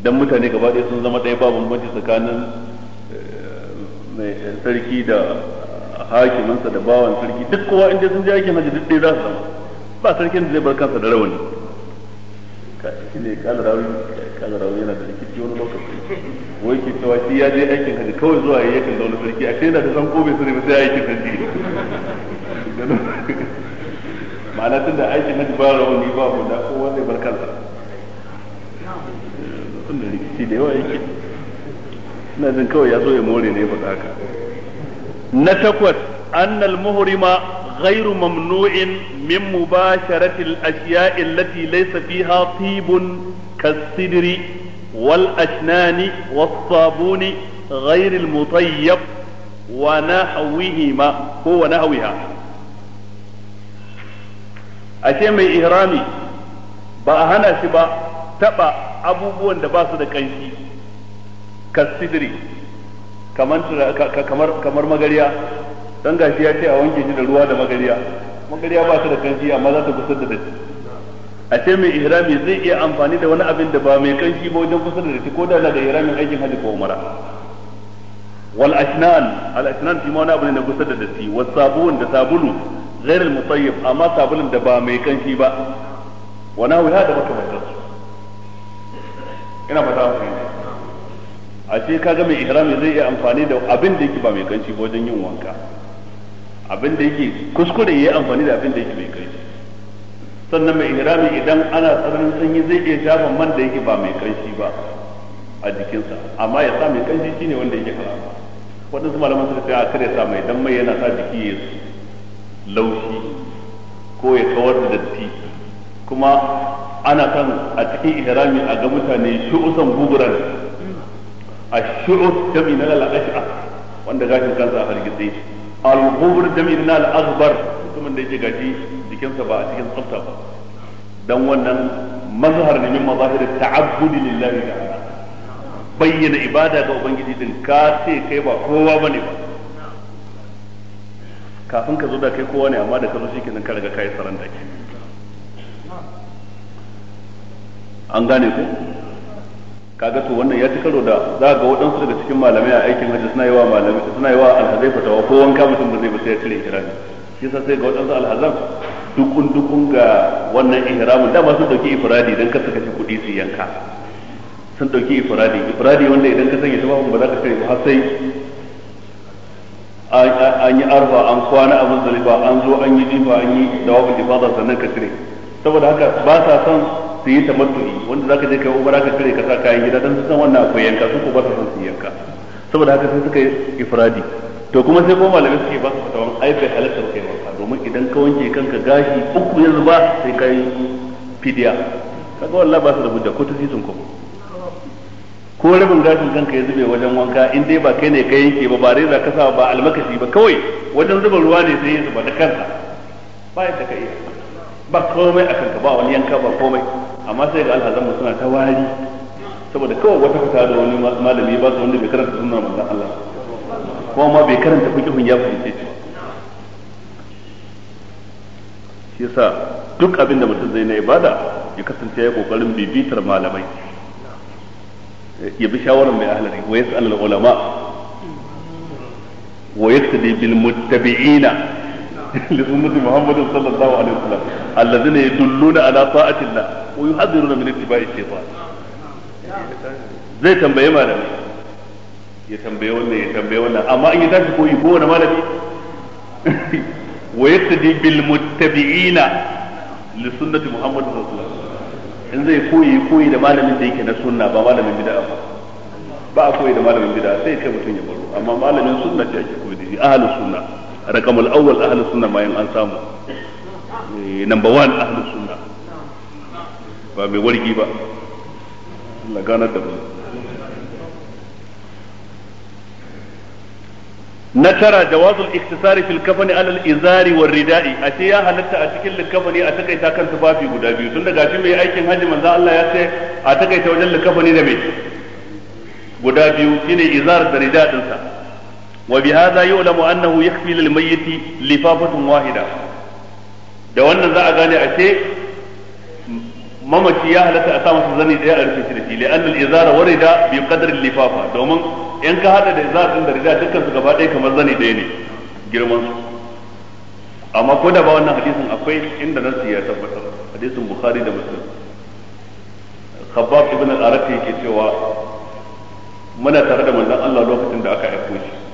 S1: dan mutane gaba ɗaya sun zama ɗaya babu bambanci tsakanin eh, mai eh, sarki da hakimansa da bawan sarki duk kowa inda sun je aikin hajji duk dai za su zama ba sarkin da zai bar kansa da rawani ka shi ne kala rawani kala rawani yana da rikici wani lokaci wai ke cewa shi ya je aikin hajji kawai zuwa yayi yakan zaune sarki a kai na da san kobe bai sani ba sai aikin hajji ma'ana tun da aikin hajji ba rawani ba da kowa zai bar kansa tun da rikici da yawa yake ina jin kawai ya zo ya more ne ba haka na takwas annal muhrima ghairu mamnu'in min mubasharati al-ashya'i allati laysa fiha tibun kasidri wal ashnani was sabuni غير المطيب ونحوهما هو نحوها ashe mai ihrami ba a hana shi ba taɓa abubuwan da ba su da kanshi kasidiri kamar kamar kamar magariya dan gashi ya ce a wanke shi da ruwa da magariya magariya ba ta da kanshi amma za ta gusar da datti a ce mai ihrami zai iya amfani da wani abin da ba mai kanshi ba wajen gusar da datti ko da na da ihramin aikin hajji ko umara wal ashnan al ashnan shi ma wani abu ne na gusar da datti was sabun da sabulu غير المطيب amma sabulun da ba mai kanshi ba wa nahu hada makamantar ina fata mu fahimta a ce kaga mai ihrami zai iya amfani da abin da yake ba mai kanci ba wajen yin wanka abin da yake kuskure yayi amfani da abin da yake mai kanci sannan mai ihrami idan ana tsananin sanyi zai iya shafa man da yake ba mai kanci ba a jikinsa amma ya sa mai kanshi shine wanda yake haram waɗansu malaman suka ce kare sa mai dan mai yana sa jiki ya laushi ko ya kawar da datti kuma ana kan a cikin ihrami a ga mutane usan guguran ash-shu'ub jami'in al-ash'a wanda gashin kansa a hargitse al-ghubr jami'in al-azbar mutumin da yake gashi jikinsa ba a cikin tsafta ba dan wannan mazhar ne min mazahir ta'abbud lillahi ta'ala bayyana ibada ga ubangiji din ka ce kai ba kowa bane ba kafin ka zo da kai kowa ne amma da ka zo shikenan ka riga kai saranda ke an gane ku kaga to wannan ya ci karo da za ga waɗansu daga cikin malamai a aikin hajji suna yi wa malamai suna yi wa alhazai fatawa ko wanka mutum ba zai ba sai ya cire ihrami shi yasa sai ga waɗansu alhazan dukun dukun ga wannan ihramin dama sun dauki ifradi dan ka saka kashe kuɗi su yanka sun dauki ifradi ifradi wanda idan ka sanya tufafin ba za ka kare ba har sai an yi arfa an kwana abin zalifa an zo an yi jifa an yi dawabin ifada sannan ka cire saboda haka ba sa son su yi tamattu'i wanda zaka je kai umara ka kare ka sa kayan gida dan san wannan akwai yanka su ko ba su san yanka saboda haka sai suka yi ifradi to kuma sai ko malamai suke ba su fatawan ai bai halatta kai wanka domin idan ka wanke kanka gashi uku yanzu ba sai kai fidiya kaga wallahi ba su da hujja ko ta sisin ko ko rabin gashin kanka ya zube wajen wanka in dai ba kai ne ka yanke ba ba reza ka sa ba almakashi ba kawai wajen zuba ruwa ne sai ya zuba da kansa ba ya ta iya ba komai a kanka ba wani yanka ba komai amma sai ga alhazan suna ta wari saboda kawai wata fita da wani malami ba su wanda bai karanta sunan manzon Allah kuma ma bai karanta fiqhun ya fahimce shi shi yasa duk abin da mutum zai na ibada ya kasance ya kokarin bibitar malamai ya bi shawarar mai ahlari wa yas'al ulama wa yaktadi bil muttabi'ina لسنة محمد صلى الله عليه وسلم الذين يدلون على طاعة الله ويحذرون من اتباع الشيطان zai tambaye malami ya tambaye wannan ya tambaye wannan amma in tashi koyi ko wani malami wa yattadi bil muttabi'ina li sunnati muhammad in zai koyi koyi da malamin da yake na sunna ba malamin bid'a ba ba a koyi da malamin bid'a sai kai mutum ya baro amma malamin sunna ce ake koyi da shi ahlus sunna rakamul awwal ahlus sunna ma an samu 1 ahlus sunna ba mai wargi ba Allah ganar da mu na tara jawazul iktisari fil kafani alal izari war ridai ya halatta a cikin likafani a takaita kan tufafi guda biyu tun daga mai aikin haji manzo Allah ya ce a takaita wajen likafani da mai guda biyu shine izar da ridadin sa wa bi hadha yu'lamu annahu yakfi lil mayyiti lifafatun wahida da wannan za a gane a ce mamaci ya halatta a sa masa zani daya a rufe shi da shi li anna al izara wa rida bi qadri al lifafa domin in ka hada da izara din da rida dukkan su gaba ɗaya kamar zani daya ne girman su amma ko da ba wannan hadisin akwai inda nan ya tabbatar hadisin bukhari da muslim khabbab ibn al-arabi yake cewa muna tare da manzon Allah lokacin da aka aiko shi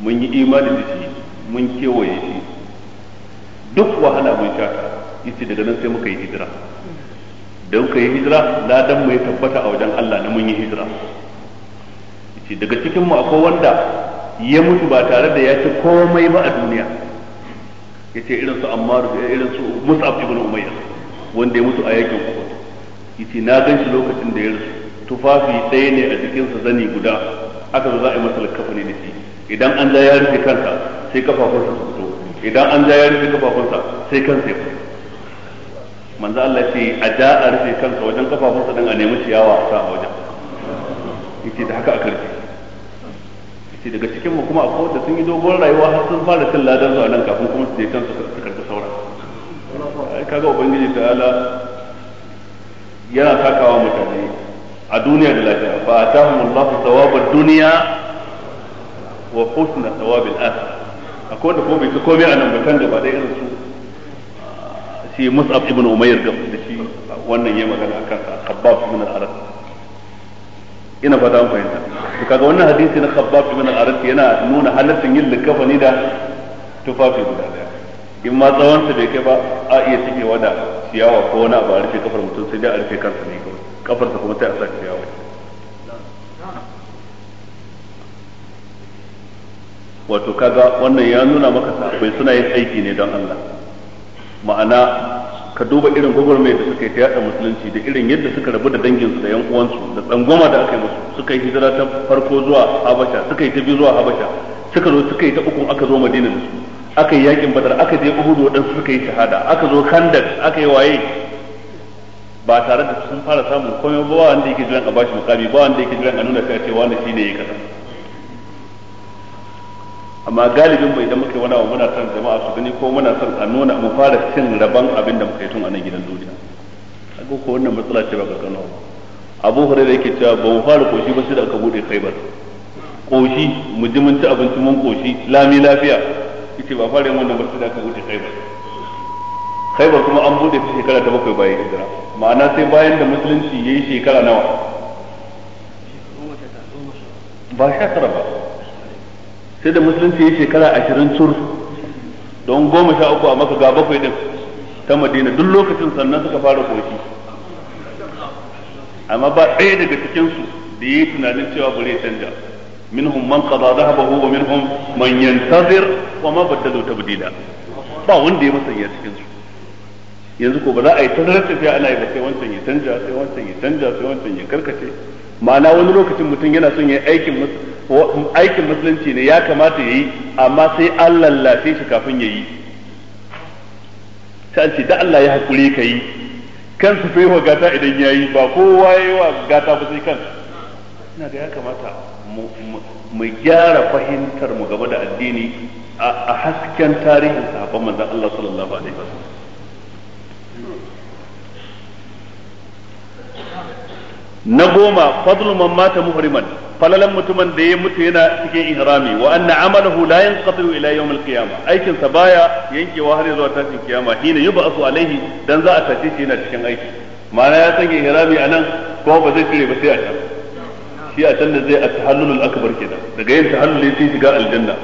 S1: mun yi imani da shi mun kewaye shi duk wahala mun sha yace daga nan sai muka yi hijira da ka yi hijira ladan mu ya tabbata a wajen Allah na mun yi hijira yace daga cikin mu akwai wanda ya mutu ba tare da ya ci komai ba a duniya yace irin su Ammar irin su Mus'ab ibn Umayr wanda ya mutu a yakin Uhud yace na gan shi lokacin da ya rasu tufafi ɗaya ne a jikinsa zani guda haka za a yi masa likafani da shi idan an ja ya rufe kansa sai kafafunsa su fito idan an ja ya rufe kafafunsa sai kansa ya fito manzo Allah ce a ja a rufe kansa wajen kafafunsa din a nemi ciyawa a sa a wajen yace da haka a karfe yace daga cikin mu kuma akwai wanda sun yi dogon rayuwa har sun fara cin ladan zuwa nan kafin kuma su je kansu su karbi saura kaga ubangiji ta'ala yana takawa mutane a duniya da lafiya fa atahum Allah thawabad dunya wa husna al akhirah akwai da ko bai ci komai a nan ba kan gaba dai irin su ah, shi Mus'ab ibn Umayr da shi wannan yayi magana akan Khabbab ibn al-Arab ina fata an fahimta to kaga wannan hadisi na Khabbab ibn al-Arab yana nuna halaccin yin likafani da tufafi guda in ma tsawon sa bai kai ba a iya cikewa da ciyawa ko wani abu a rufe kafar mutum sai dai a rufe kansa ne kawai kafarsa kuma sai a sa ciyawa wato kaga wannan ya nuna maka sabai suna yin aiki ne don Allah ma'ana ka duba irin gwagwarmaya da suka yi ta yada musulunci da irin yadda suka rabu da danginsu da yan uwansu da tsangwama da aka yi musu suka yi hijira ta farko zuwa habasha suka yi ta biyu zuwa habasha suka zo suka yi ta uku aka zo madina da su aka yi yakin badar aka je uhudu waɗansu suka yi shahada aka zo khandak aka yi waye ba tare da sun fara samun komai ba wanda yake jiran a bashi mukami ba wanda yake jiran a nuna cewa cewa wanda shine yake kasa amma galibin mu idan muka yi wani abu muna son jama'a su gani ko muna son a nuna mu fara cin rabon abin da muka yi tun a nan gidan duniya a ko wannan matsala ce ba ka ba Abu Hurairah yake cewa ba mu fara koshi ba sai da aka bude ba koshi mu ji mun ci abinci mun koshi lami lafiya yace ba fara yin wannan ba sai da aka bude ba khaibar kuma an bude ta shekara ta bakwai bayan hijira ma'ana sai bayan da musulunci yayi shekara nawa ba sha tara ba sai da musulunci yayi shekara ashirin tur don goma sha uku a maka ga bakwai din ta madina duk lokacin sannan suka fara koki amma ba ɗaya daga cikinsu da yi tunanin cewa bari ya canja minhum man qada dhahabahu wa minhum man yantazir wa ma badalu tabdila ba wanda ya musanya cikin su yanzu ko ba za a yi tazarar tafiya ana yi ba sai wancan ya canja sai wancan ya canja sai wancan ya karkace ma'ana wani lokacin mutum yana son ya aikin aikin musulunci ne ya kamata ya yi amma sai an lallace shi kafin ya yi sai an ce da Allah ya haƙuri ka yi kan fa yi gata idan ya yi ba kowa ya yi wa gata ba sai kan. ina da ya kamata mu gyara fahimtar mu game da addini a hasken tarihin sahabban manzon Allah sallallahu alaihi wasallam na goma fadlu man mata muhriman falalan mutumin da ya mutu yana cikin ihrami wa anna amalahu la yanqatu ila yawm al aikin sa baya yankewa har zuwa tashin kiyama hina yub'athu alaihi dan za a tace shi yana cikin aiki ma'ana ya sanya ihrami anan ko ba zai cire ba sai a can shi a can da zai a tahallul akbar kenan daga yin tahallul sai shiga aljanna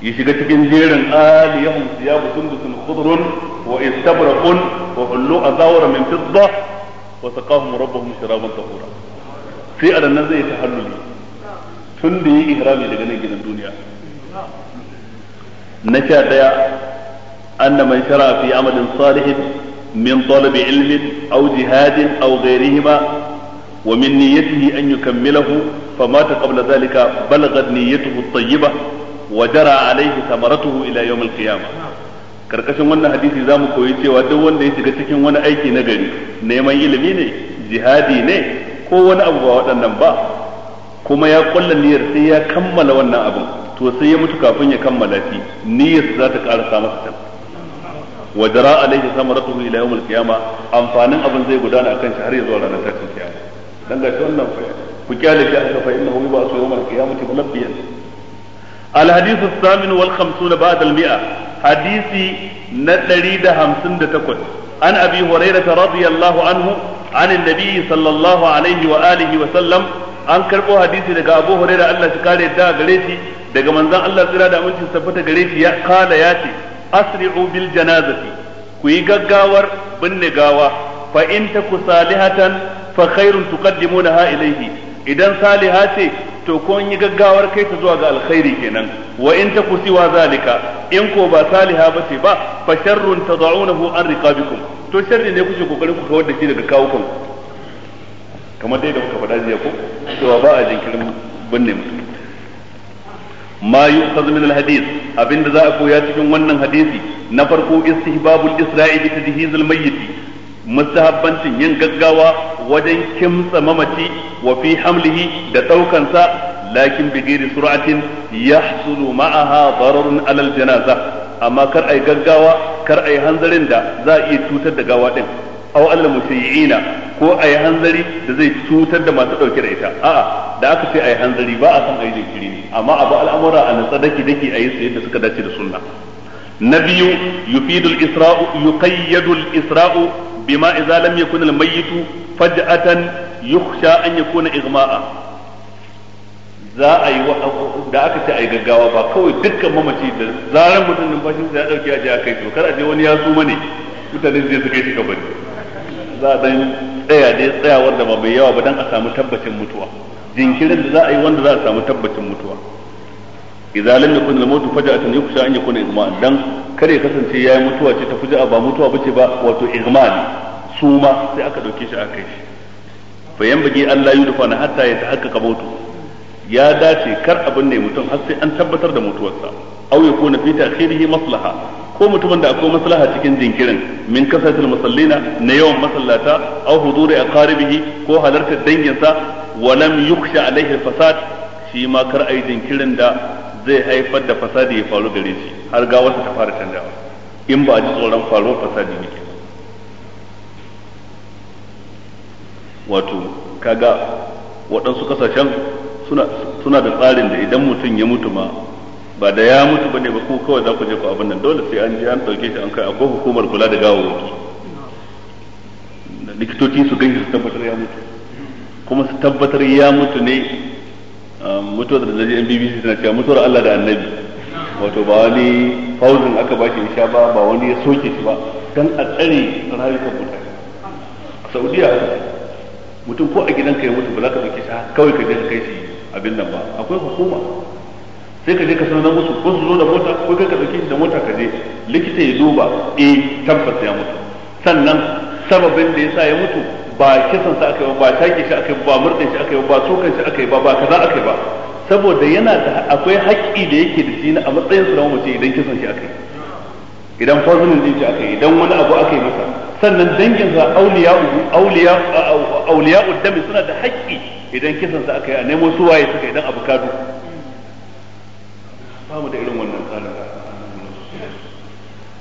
S1: ya shiga cikin jerin aliyahum siyabu sundusun khudrun واستبرق وحلوا ازاور من فضه وسقاهم ربهم شرابا طهورا في على الناس يتحللي تندي اهرامي لغني من الدنيا
S2: نشا ديا
S1: ان من شرع في عمل صالح من طلب علم او جهاد او غيرهما ومن نيته ان يكمله فمات قبل ذلك بلغت نيته الطيبه وجرى عليه ثمرته الى يوم القيامه karkashin wannan hadisi za mu koyi cewa duk wanda ya shiga cikin wani aiki na gari neman ilimi ne jihadi ne ko wani abu ba waɗannan ba kuma ya kulla niyyar sai ya kammala wannan abin to sai ya mutu kafin ya kammala shi niyyar za ta karasa masa ta wa jara alaihi samaratuhu ila yawmil qiyama amfanin abin zai gudana akan shi har ya zuwa ranar tashin kiyama dan ga wannan fa ku kyale shi aka fa innahu yub'asu yawmal qiyamati mulabbiyan الحديث الثامن والخمسون بعد المئة حديث نتريد همسن تكون عن أبي هريرة رضي الله عنه عن النبي صلى الله عليه وآله وسلم an karɓo hadisi daga Abu Huraira Allah shi kare da gare shi daga manzon Allah tsira da aminci tabbata gare shi ya kala ya ce asri'u bil janazati ku yi gaggawar binne gawa fa in taku salihatan fa khairun tuqaddimunaha ilayhi idan saliha ce to ko yi gaggawar kai ta zuwa ga alkhairi kenan wa in ta kusiwa zalika in ko ba saliha ba ce ba fa sharrun tad'unahu an riqabikum to sharri ne kuke kokarin ku kawar da shi daga kawukan kamar dai da kuka faɗa jiya ko cewa ba a jinkirin binne mutum ma yu'khadhu min al-hadith abinda za a koya cikin wannan hadisi na farko istihbabul isra'i bi tadhhizil mayyit mustahabbancin yin gaggawa wajen kimtsa mamaci wa fi hamlihi da ɗaukansa lakin bigiri sur'atin yahsulu ma'aha dararun alal janaza amma kar ai gaggawa kar ai hanzarin da za a iya cutar da gawa din aw alal musayyi'ina ko ai hanzari da zai cutar da masu dauke da ita a'a da aka ce ai hanzari ba a san ai jinkiri ne amma abu al'amura a natsa daki daki ayi su yadda suka dace da sunna na biyu yufidul isra'u yuqayyadul isra'u bima idza lam yakun al mayyitu faj'atan yukhsha an za a yi da aka ce a yi gaggawa ba kawai dukkan mamaci da zaran mutum numfashin ya dauke a je a kai to kar a je wani ya suma ne mutane zai su kai shi kabari za a dan tsaya dai tsayawar da ba mai yawa ba dan a samu tabbacin mutuwa jinkirin da za a yi wanda za a samu tabbacin mutuwa idza lam yakun al-maut faja'atan yukhsha an yakuna igma dan kare kasance yayi mutuwa ce ta fuja'a ba mutuwa bace ba wato igma ne suma sai aka dauke shi aka kai shi fa yanbaghi an la yudfa hatta yatahaqqaqa mautu ya dace kar abin ne mutum har sai an tabbatar da mutuwarsa aw yakuna fi ta'khirihi maslaha ko mutumin da akwai maslaha cikin jinkirin min kasatul musallina na yawan masallata aw huduri aqaribihi ko halartar danginsa wa lam yukhsha alaihi fasad shi ma kar ai jinkirin da zai haifar da fasadi ya faru gare shi har ga wasu ta fara canjawa in ba a ji tsoron faruwar fasadi ne ke wato kaga waɗansu ƙasashen suna da tsarin da idan mutum ya mutu ma ba da ya mutu ba ne ba ko kawai za ku je ku abin nan dole sai an je an ɗauke shi an kai akwai hukumar kula da gawawwaki likitoci su gan su tabbatar ya mutu kuma su tabbatar ya mutu ne Um, mutuwar da zaji BBC tana cewa mutuwar Allah da Annabi wato ba wani fauzin aka ba shi sha ba ba wani ya soke shi ba dan a tsare rayukan mutane Saudiya mutum ko a gidan ka ya mutu ba za ka dauke shi kawai ka je ka kai shi abin nan ba akwai hukuma sai ka je ka sanar musu ko su zo da mota ko kai ka dauke shi da mota ka je likita ya duba eh tabbas ya mutu sannan sababin da yasa ya mutu ba kisan sa aka yi ba take shi aka yi ba murdin shi aka yi ba tsokan shi aka yi ba ba kaza aka yi ba saboda yana da akwai haƙƙi da yake da shi a matsayin su na mace idan kisan shi aka yi idan fazlin din shi aka yi idan wani abu aka yi masa sannan dangin sa auliya auliya auliya uddami suna da haƙƙi idan kisan sa aka yi a nemo su waye suka idan abu kadu ba mu da irin wannan tsarin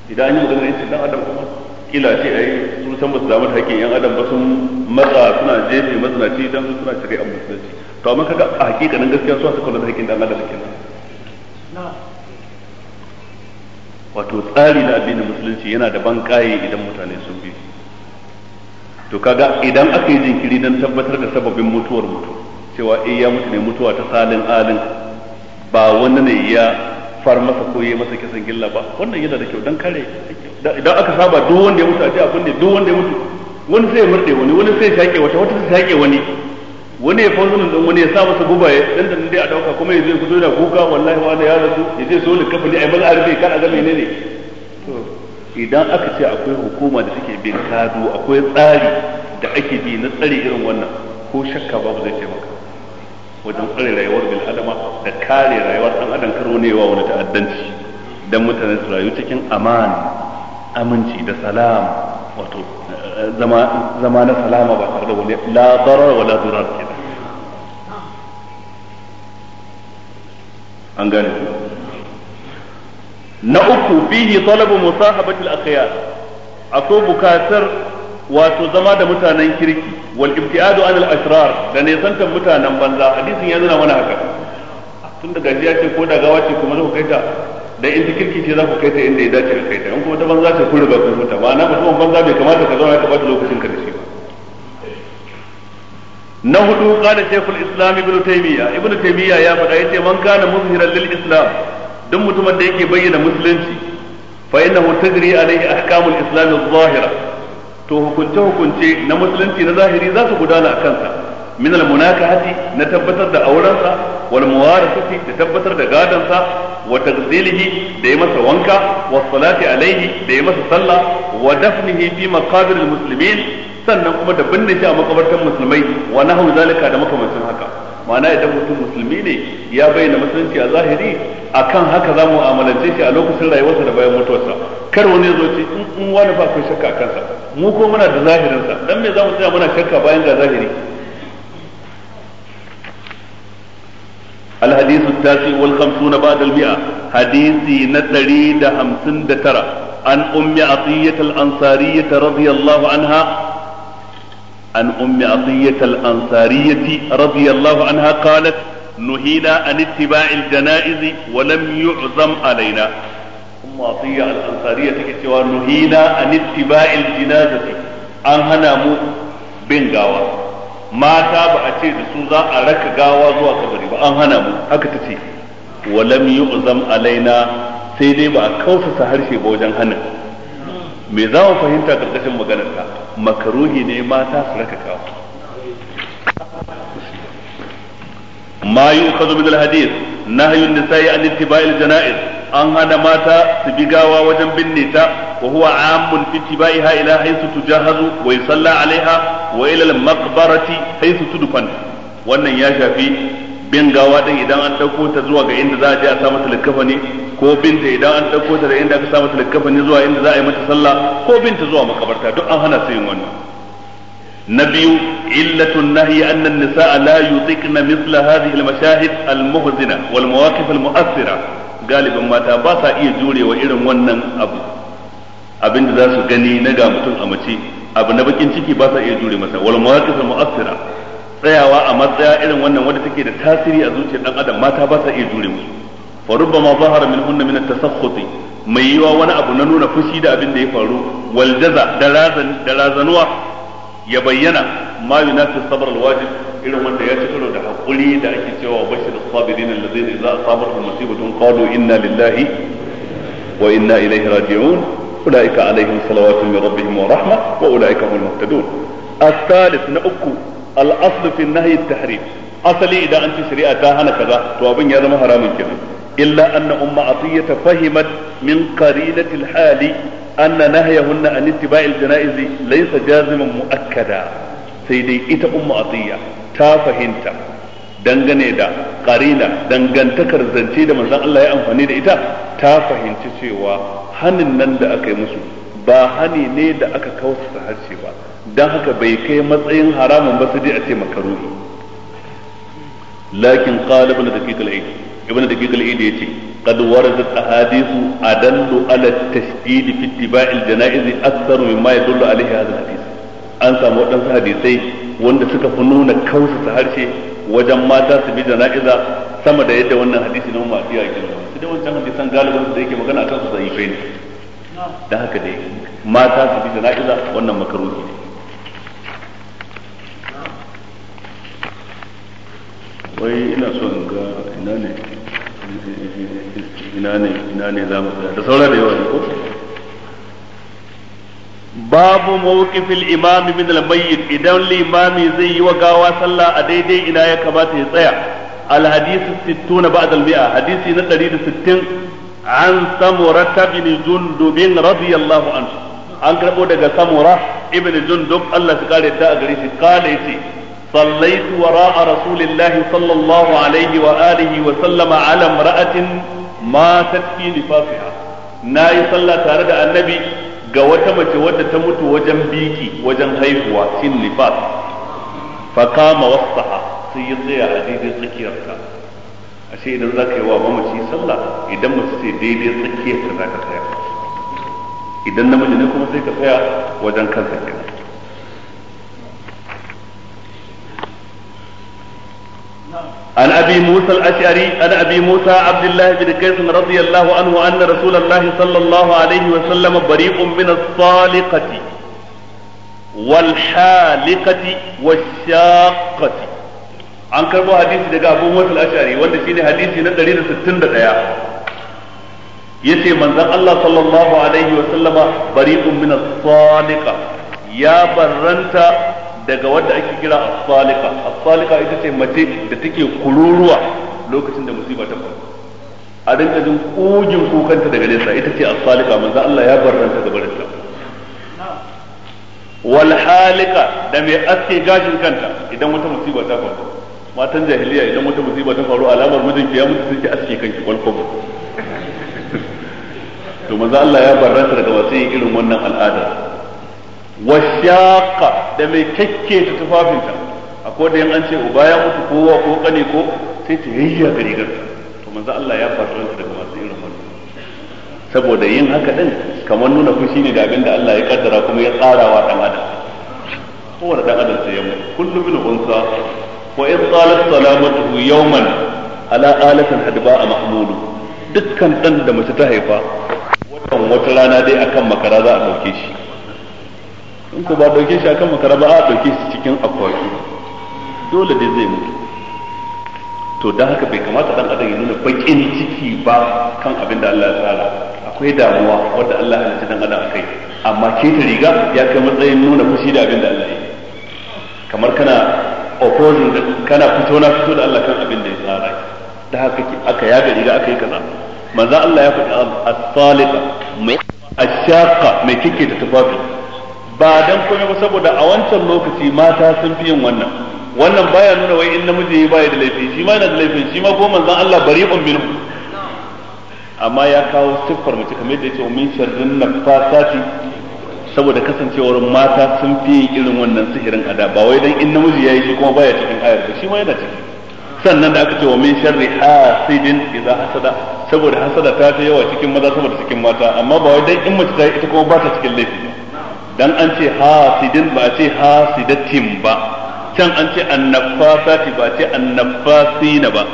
S1: idan an yi magana yancin dan adam kuma kila ce ai sun san ba su damar hakkin yan adam ba sun matsa suna jefe mazinaci dan suna an musulunci to amma kaga a hakikanin gaskiya su aka kula da hakkin dan adam kenan wato tsari na addinin musulunci yana da ban kaye idan mutane sun bi to kaga idan aka yi jinkiri dan tabbatar da sababin mutuwar mutum cewa eh ya mutu ne mutuwa ta salin alin ba wani ne ya far masa ko ya masa kisan gilla ba wannan yana da kyau dan kare idan aka saba duk wanda ya mutu a ce a kunne duk wanda ya mutu wani sai ya murde wani wani sai ya shaƙe wata wata sai shaƙe wani wani ya fauzu nan wani ya sa masa guba ya dan dan dai a dauka kuma ya ya fito da kuka wallahi wani ya rasu ya zai so likafa ne ai ban arbe kan a ga menene to idan aka ce akwai hukuma da take bin kadu akwai tsari da ake bi na tsare irin wannan ko shakka babu zai taimaka wajen tsare rayuwar bil adama da kare rayuwar dan adam karo ne wa wani ta'addanci dan mutane su rayu cikin amana aminci da salam wato zama na salama ba tare da wani la wa la durar ke an gane na uku fihi talabu musahabati al-akhyar akwai bukatar wato zama da mutanen kirki wal ibtiadu anil ashrar da ne santan mutanen banza hadisin ya nuna mana haka tun da gajiya ce ko da gawa ce kuma zai kai ta dan in kirki ce za ku kai ta inda ya dace ka kai ta in kuma ta banza ce kun riga kun huta mutumin banza bai kamata ka zauna ka bata lokacin ka da shi ba na hudu qala shaykhul islam ibnu taymiya ibnu taymiya ya faɗa yace man kana muzhiran lil islam duk mutumin da yake bayyana musulunci fa innahu tajri alayhi ahkamul islam adh-dhahira to hukunce hukunce na musulunci na zahiri za su gudana a kansa min al munakahati na tabbatar da aurensa wal muwarasati da tabbatar da gadansa wa tagzilihi da yi masa wanka wa salati alaihi da yi masa sallah wa dafnihi fi maqabir al sannan kuma da binne shi a makabartan musulmai wa nahu zalika da makamancin haka ma'ana idan mutum musulmi ne ya bayyana musulunci a zahiri akan haka za mu amalance shi a lokacin rayuwarsa da bayan mutuwarsa kar wani zo ci, in wani ba ku shakka kansa mu ko muna da zahirinsa dan me za mu tsaya muna shakka bayan ga zahiri الحديث التاسع والخمسون بعد المئة حديثي نتري دهم دترى عن أم عطية الأنصارية رضي الله عنها عن أم عطية الأنصارية رضي الله عنها قالت نهينا عن اتباع الجنائز ولم يعظم علينا أم عطية الأنصارية تكتوى نهينا عن اتباع الجنازة أنهنا مو بنغاوة mata ba a ce da su za a raka gawa zuwa kabari ba an hana mu haka ta ce walam yu'zam alaina sai dai ba a kausasa harshe ba wajen hana me za mu fahimta karkashin maganar ka makaruhi ne mata su raka gawa ma yu'khadhu min al nahyu an-nisa'i an ittiba'il janaiz an hana mata su bi gawa wajen binne ta wa huwa amun fi tibaiha ila haythu tujahazu wa yusalla alaiha wa ila al maqbarati haythu tudfan wannan ya shafi bin gawa din idan an dauko ta zuwa ga inda za a je a sa mata likafani ko binta idan an dauko ta da inda aka sa mata likafani zuwa inda za a yi mata sallah ko binta zuwa makabarta duk an hana su yin wannan na biyu illatun nahyi annan an-nisaa la yutiqna mithla hadhihi al-mashahid al-muhzina wal mawaqif al-mu'athira galibin mata ba sa iya jurewa irin wannan abu abin da za su gani na ga mutum a mace abu na bakin ciki ba sa iya jure masa wal mawaqif mu'assira tsayawa a matsaya irin wannan wanda take da tasiri a zuciyar dan adam mata ba sa iya jure musu fa rubbama zahara min hunna min at mai yiwa wani abu na nuna fushi da abin da ya faru wal jaza da razan da razanuwa ya bayyana ma yunatu sabr al-wajib irin wanda ya ci karo da hakuri da ake cewa bashir sabirin alladhina idza asabatuhum musibatun qalu inna lillahi wa inna ilaihi raji'un ulaika alaihim salawatu min rabbihim wa rahma wa ulaika humul muhtadun الثالث نأكو الأصل في النهي التحريم أصلي إذا أنت شريعة هنا كذا توابين يا زلمة حرام كذا إلا أن أم عطية فهمت من قرينة الحال أن نهيهن عن اتباع الجنائز ليس جازما مؤكدا sai dai ita umma atiya ta fahimta dangane da karina dangantakar zance da manzon Allah ya amfani da ita ta fahimci cewa hanin nan da aka yi musu ba hani ne da aka kausa harshe ba don haka bai kai matsayin haramun ba su je a ce makaruhi lakin qala ibn daqiq al-aid ibn daqiq al-aid yace qad waradat ahadithu adallu ala at-tashdid fi ittiba' al-janaiz akthar mimma yadullu alayhi hadha al-hadith an samu waɗansu hadisai wanda suka fi nuna kausa harshe wajen mata su bi jana'iza sama da yadda wannan hadisi na umar ya gina su da wancan hadisan galibin da yake magana kan su zai ne da haka dai mata su bi jana'iza wannan makaruhi ne wai ina so in ga ina ne ina ne ina ne za mu da saura da yawa ne ko babu mawqifil imam min al idan li zai yi wa gawa sallah a daidai ina ya kamata ya tsaya al hadith 60 ba'd al hadisi na 160 an samura ibn jundub radiyallahu anhu an karbo daga samura ibn jundub Allah ya kare ta a gare shi kale shi wara'a rasulillah sallallahu alaihi wa alihi wa sallama ala mar'atin ma tatfi nifasiha nayi sallah tare da annabi ga wata mace wadda ta mutu wajen biki wajen haihuwa shin nifas fa kama wasaha sai ya tsaya a daidai tsakiyarta ashe idan za ka yi wa mamaci sallah idan mace ce daidai tsakiyarta za ka tsaya idan namiji ne kuma sai ka tsaya wajen kansa kenan عن ابي موسى الاشعري عن ابي موسى عبد الله بن قيس رضي الله عنه ان رسول الله صلى الله عليه وسلم بريء من الصالقه والحالقه والشاقه an karɓo hadisi daga abu musul ari wanda shine hadisi na Ya ce manzon Allah sallallahu alaihi wa sallama bari'un min as-sadiqa ya barranta daga wadda ake kira as-salika as-salika ita ce mace da take kururuwa lokacin da musiba ta faru a rinka jin kugin kukanta daga nesa ita ce as-salika manzo Allah ya barranta da barinta wal halika da mai aske gashin kanta idan wata musiba ta faru matan jahiliya idan wata musiba ta faru alamar mijinki ya mutu sai ke aske kanki wal to manzo Allah ya barranta daga wasu irin wannan al'ada washaqa da mai kakke ta tufafinta akwai da yan an ce uba ya mutu kowa ko kane ko sai ta yayya ga rigar to manzo Allah ya fara ranta daga masu irin wannan saboda yin haka din kamar nuna fushi ne da abin da Allah ya kaddara kuma ya tsarawa dan adam kowane dan adam sai ya mutu kullu bil unsa wa in qalat salamatu yawman ala alatin hadba mahmudu dukkan dan da mace ta haifa watan wata rana dai akan makara za a dauke shi in ko ba dauke shi akan makara ba a dauke shi cikin akwati dole dai zai mutu to dan haka bai kamata dan adam ya nuna bakin ciki ba kan abin da Allah ya tsara akwai damuwa wanda Allah ya dan adam akai amma ke ta riga ya kai matsayin nuna fushi da abin da Allah ya yi. kamar kana opposing kana fito na fito da Allah kan abin da ya tsara da haka aka ga riga aka yi kaza manzo Allah ya faɗi as-salika mai ashaqa mai kike da tufafi ba dan komai ba saboda a wancan lokaci mata sun fi yin wannan wannan baya nuna wai in namiji baya da laifi shi ma yana da laifin shi ma ko manzon Allah bari'un minhu amma ya kawo siffar mace kamar yadda yake min sharrin nafasati saboda kasancewar mata sun fi yin irin wannan sihirin ada ba wai dan in namiji yayi shi kuma baya cikin ayar ba shi ma yana ciki sannan da aka ce wa min sharri hasidin idza hasada saboda hasada ta ta yawa cikin maza saboda cikin mata amma ba wai dan in mace ta yi ita kuma ba ta cikin laifi dan an ce hasidin ba a ce hasidatin ba can an ce annafasati ba a ce annafasina ba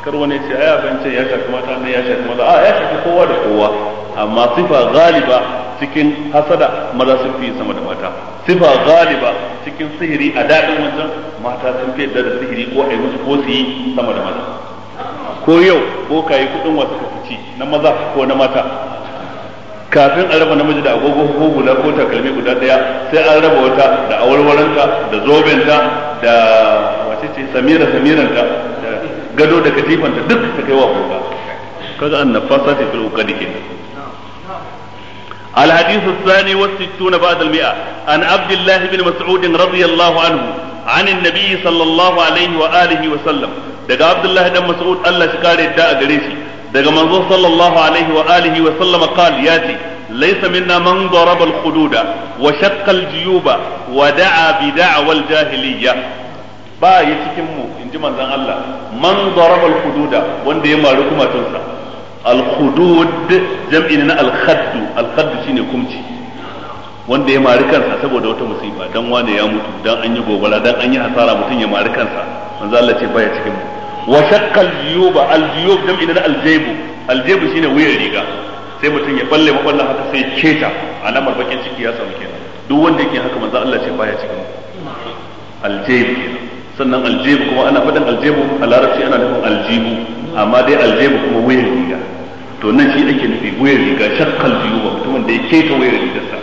S1: kar wani ce ai ban ce ya shafi mata ne ya shafi maza a ya shafi kowa da kowa amma sifa galiba cikin hasada maza sun fi sama da mata sifa galiba cikin sihiri a daɗin wancan mata sun fi yadda da sihiri ko a yi musu ko su yi sama da mata. ko yau ko yi kuɗin wasu ka fi ci na maza ko na mata kafin a raba namiji da agogo ko guda ko takalmi guda daya sai an raba wata da awarwaranta da zobenta da wace ce samira samiranta da gado da katifanta duk ta kai wa kuka kaga an nafasa ta fil ukadi kin al hadith athani wa 60 ba'd al mi'a an abdullah ibn mas'ud radiyallahu anhu an an nabiy sallallahu alayhi wa alihi wa sallam daga abdullah ibn mas'ud Allah shi kare da a gare shi daga manzo sallallahu alaihi wa alihi wa sallama qal yati laysa minna man daraba al wa shaqqa al-juyuba wa da'a bi da'wa al-jahiliyya ba ya cikin mu inji manzon Allah man daraba al wanda ya maru kuma tunsa al-hudud jam'in na al-khadd al-khadd shine kumci wanda ya mari kansa saboda wata musiba dan wane ya mutu dan an yi gobara dan an yi hasara mutum ya mari kansa manzo Allah ce baya cikin mu wa shaqqa al-juyuba al-juyub jam'i na al-jaybu al-jaybu shine wuyan riga sai mutum ya balle maballa haka sai keta alamar bakin ciki ya samu kenan duk wanda yake haka manzo Allah ce baya cikin al-jaybu sannan al-jaybu kuma ana fadan al-jaybu a larabci ana nufin al-jibu amma dai al-jaybu kuma wuyan riga to nan shi ake nufi wuyan riga shakkal juyuba mutumin da ya keta wuyan rigarsa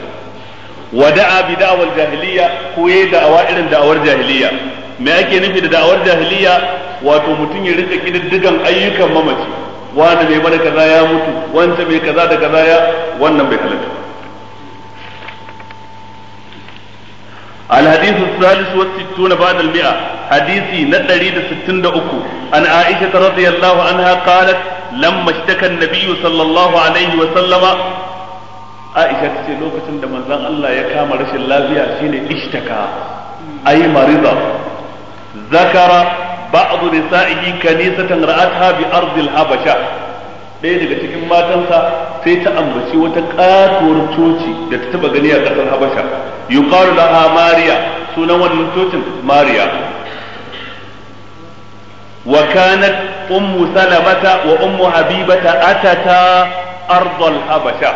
S1: wada'a bi da'awal jahiliya ko yayi da'awa irin da'awar jahiliya me ake nufi da da'awar jahiliya wato mutum ya rika kididdigan ayyukan mamaci wanda mai bada kaza ya mutu wanda mai kaza da kaza ya wannan bai halatta الحديث الثالث والستون بعد المئة حديثي ندري ستين دأكو عن عائشة رضي الله عنها قالت لما اشتكى النبي صلى الله عليه وسلم Aisha ta ce lokacin da manzon Allah ya kama rashin lafiya shine ishtaka ai zakara ba'd nisa'ihi kanisatan ra'atha habi ardil habasha ɗaya daga cikin matansa sai ta ambaci wata katuwar coci da ta taba gani a ƙasar habasha yuqalu laha mariya sunan wannan cocin mariya wa kanat ummu salamata wa ummu habibata atata ardal habasha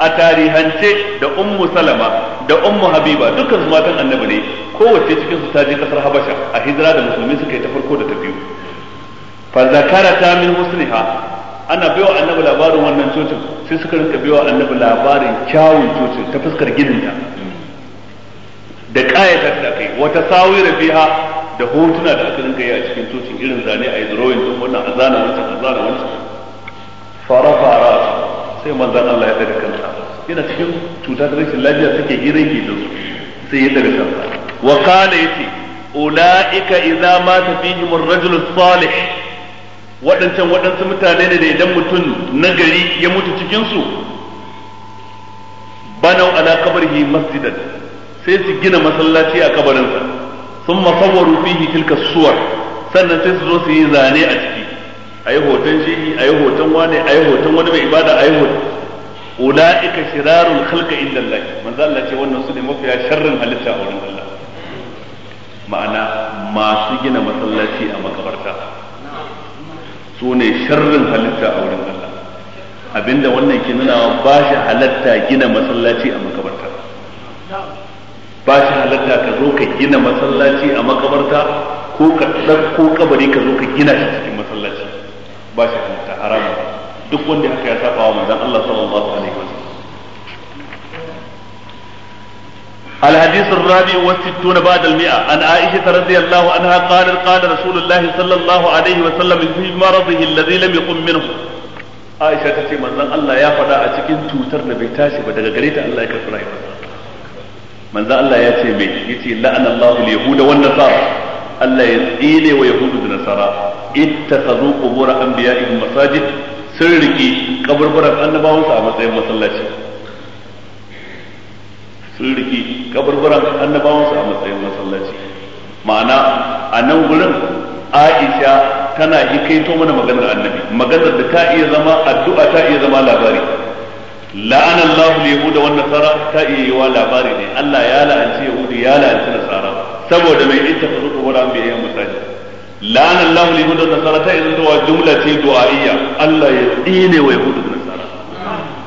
S1: a tarihance da ummu salama da ummu habiba dukkan su matan annabi ne kowace cikin su ta je kasar habasha a hijira da musulmi suka yi ta farko da ta biyu fa zakarata min husniha ana baiwa annabi labarin wannan cocin sai suka rinka baiwa annabi labarin kyawun cocin ta fuskar gininta da kayata da kai wata sawira biha da hotuna da aka rinka yi a cikin cocin irin zane a yi drawing din wannan azana wancan azana wancan farafa fara sai manzan Allah ya daga kansa yana cikin cuta da rashin lafiya suke gire ke da su sai ya daga kansa wa ya ce ulaika idza mata fihim ar-rajul salih waɗancan waɗansu mutane ne da idan mutum na gari ya mutu cikin su banau ala qabrihi masjidan sai su gina masallaci a kabarinsa sun masawwaru fihi tilka suwar sannan sai su zo su yi zane a ciki a yi hoton shehi a yi hoton wane a yi hoton wani mai ibada a yi hoton ula'ika shirarun halka inda Allah manzo Allah ce wannan su ne mafiya sharrin halitta a wurin Allah ma'ana masu gina masallaci a makabarta su ne sharrin halitta a wurin Allah abinda wannan ke nuna ba shi halatta gina masallaci a makabarta ba shi halatta ka zo ka gina masallaci a makabarta ko ka ɗauko kabari ka zo ka gina shi cikin masallaci ba shi halatta haramun duk wanda haka ya saba wa manzon Allah sallallahu alaihi wasallam الحديث الرابع والستون بعد المئة عن عائشة رضي الله عنها قالت قال رسول الله صلى الله عليه وسلم في مرضه الذي لم يقم منه عائشة تتي من الله يا فدا أتكين توتر نبيتاش بدك قريت الله يكفر من ذا الله ياتي بي يتي لعن الله اليهود والنصارى Allah ya tsile wa yahudu da nasara ittakhadhu qubur anbiya'ihim masajid sun riki kaburburan annabawan su a matsayin masallaci sun riki kaburburan annabawan su a matsayin masallaci ma'ana a nan gurin Aisha tana hikaito mana maganar annabi maganar da ta iya zama addu'a ta iya zama labari la'anallahu Allah yahuda wan nasara ta iya yiwa labari ne Allah ya la'anci yahudi ya la'anci nasara saboda mai in tafi zuku wala bi ayyan misali la'ana Allahu da nasara ta idan zuwa jumla ce du'a'iyya Allah ya tsine wa yahudu nasara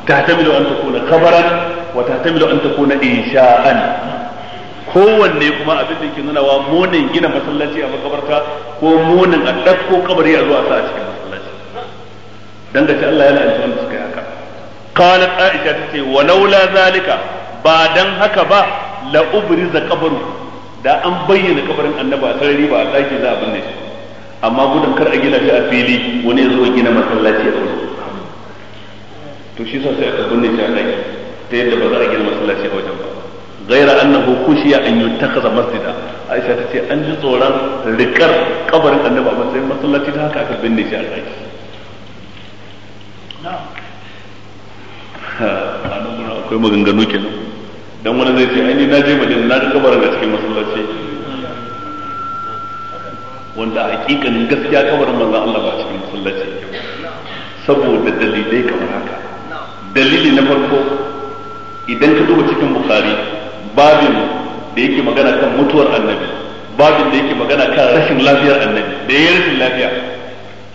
S1: Ta tahtamilu an ta takuna kabaran, wa ta tahtamilu an ta takuna insha'an kowanne kuma abin da ke nuna wa munin gina masallaci a makabarta ko munin a ɗauko kabari a zuwa sa a cikin masallaci dan da Allah yana alƙawarin da suka yi haka qalat aisha tace wa laula zalika ba dan haka ba la ubriza qabru da an bayyana kabarin annaba a sarari ba a ɗaki za a binne shi amma gudun kar a gina shi a fili wani ya zo gina masallaci a wajen to shi sai aka binne shi a ɗaki ta yadda ba za a gina masallaci a wajen ba gaira annahu kushiya an yuttakaza masjida aisha ta ce an ji tsoron rikar kabarin annaba a matsayin masallaci ta haka aka binne shi a ɗaki a nan akwai maganganu kenan dan wani zai ce ai ni na je madina na ga kabarin a cikin masallaci wanda hakikan gaskiya kabarin manzon Allah ba cikin masallaci saboda dalilai kamar haka dalili na farko idan ka duba cikin bukhari babin da yake magana kan mutuwar annabi babin da yake magana kan rashin lafiyar annabi da ya rashin lafiya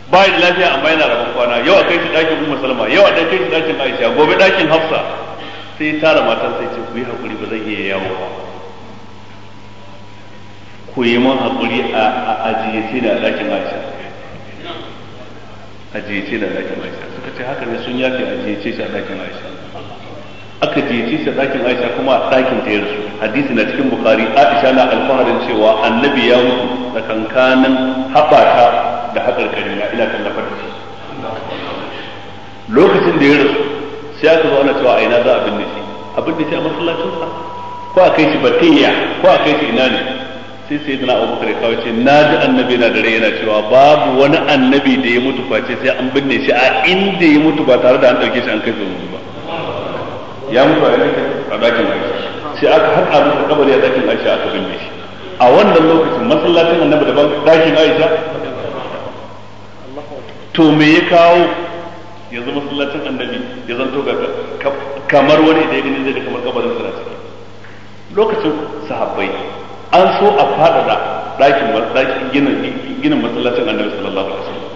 S1: bayan lafiya amma yana rabon kwana yau a kai shi ɗakin umma salama yau a kai shi ɗakin aisha gobe ɗakin hafsa sai tara matan sai ce ku yi hakuri ba zai iya yawo ba ku yi man hakuri a ajiyace da ɗakin Aisha ajiyace da ɗakin Aisha suka ce haka ne sun yafe ajiyace shi a ɗakin Aisha aka jiyace shi a dakin Aisha kuma a ɗakin ta yarsu hadisi na cikin Bukhari Aisha na alfaharin cewa annabi ya mutu kankanin haɓata da haƙarƙari na ina tallafar da shi lokacin da ya rasu sai aka zo ana cewa a ina za a binne shi a binne shi a masallacinsa ko a kai shi batiyya ko a kai shi ina ne sai sai dana abu kare kawai ce na ji annabi na dare yana cewa babu wani annabi da ya mutu face sai an binne shi a inda ya mutu ba tare da an ɗauke shi an kai zuwa ba ya mutu a yankin a dakin aisha sai aka haɗa masa kabari a dakin aisha aka binne shi a wannan lokacin masallacin annabi da dakin aisha to me ya kawo yanzu masallacin annabi ya zanto ga kamar wani da ya gani zai da kamar kabarin suna ciki lokacin sahabbai an so a fadada dakin dakin ginin ginin masallacin annabi sallallahu alaihi wasallam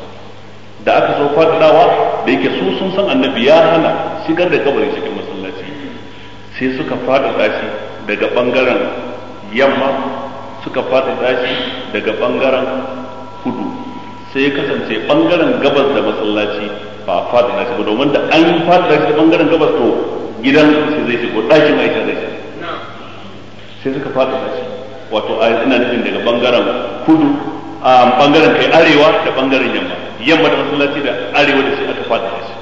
S1: da aka so faɗaɗawa da yake su sun san annabi ya hana shigar da kabarin cikin masallaci sai suka faɗaɗa shi daga bangaren yamma suka faɗaɗa shi daga bangaren kudu sai ya kasance bangaren gabas da masallaci ba fadana shi ba domin da an fadana shi bangaren gabas to gidan shi zai shigo ɗakin aisha zai shi sai suka fadana shi wato ina nufin daga bangaren kudu a bangaren kai arewa da bangaren yamma yamma da masallaci da arewa da shi aka fadana shi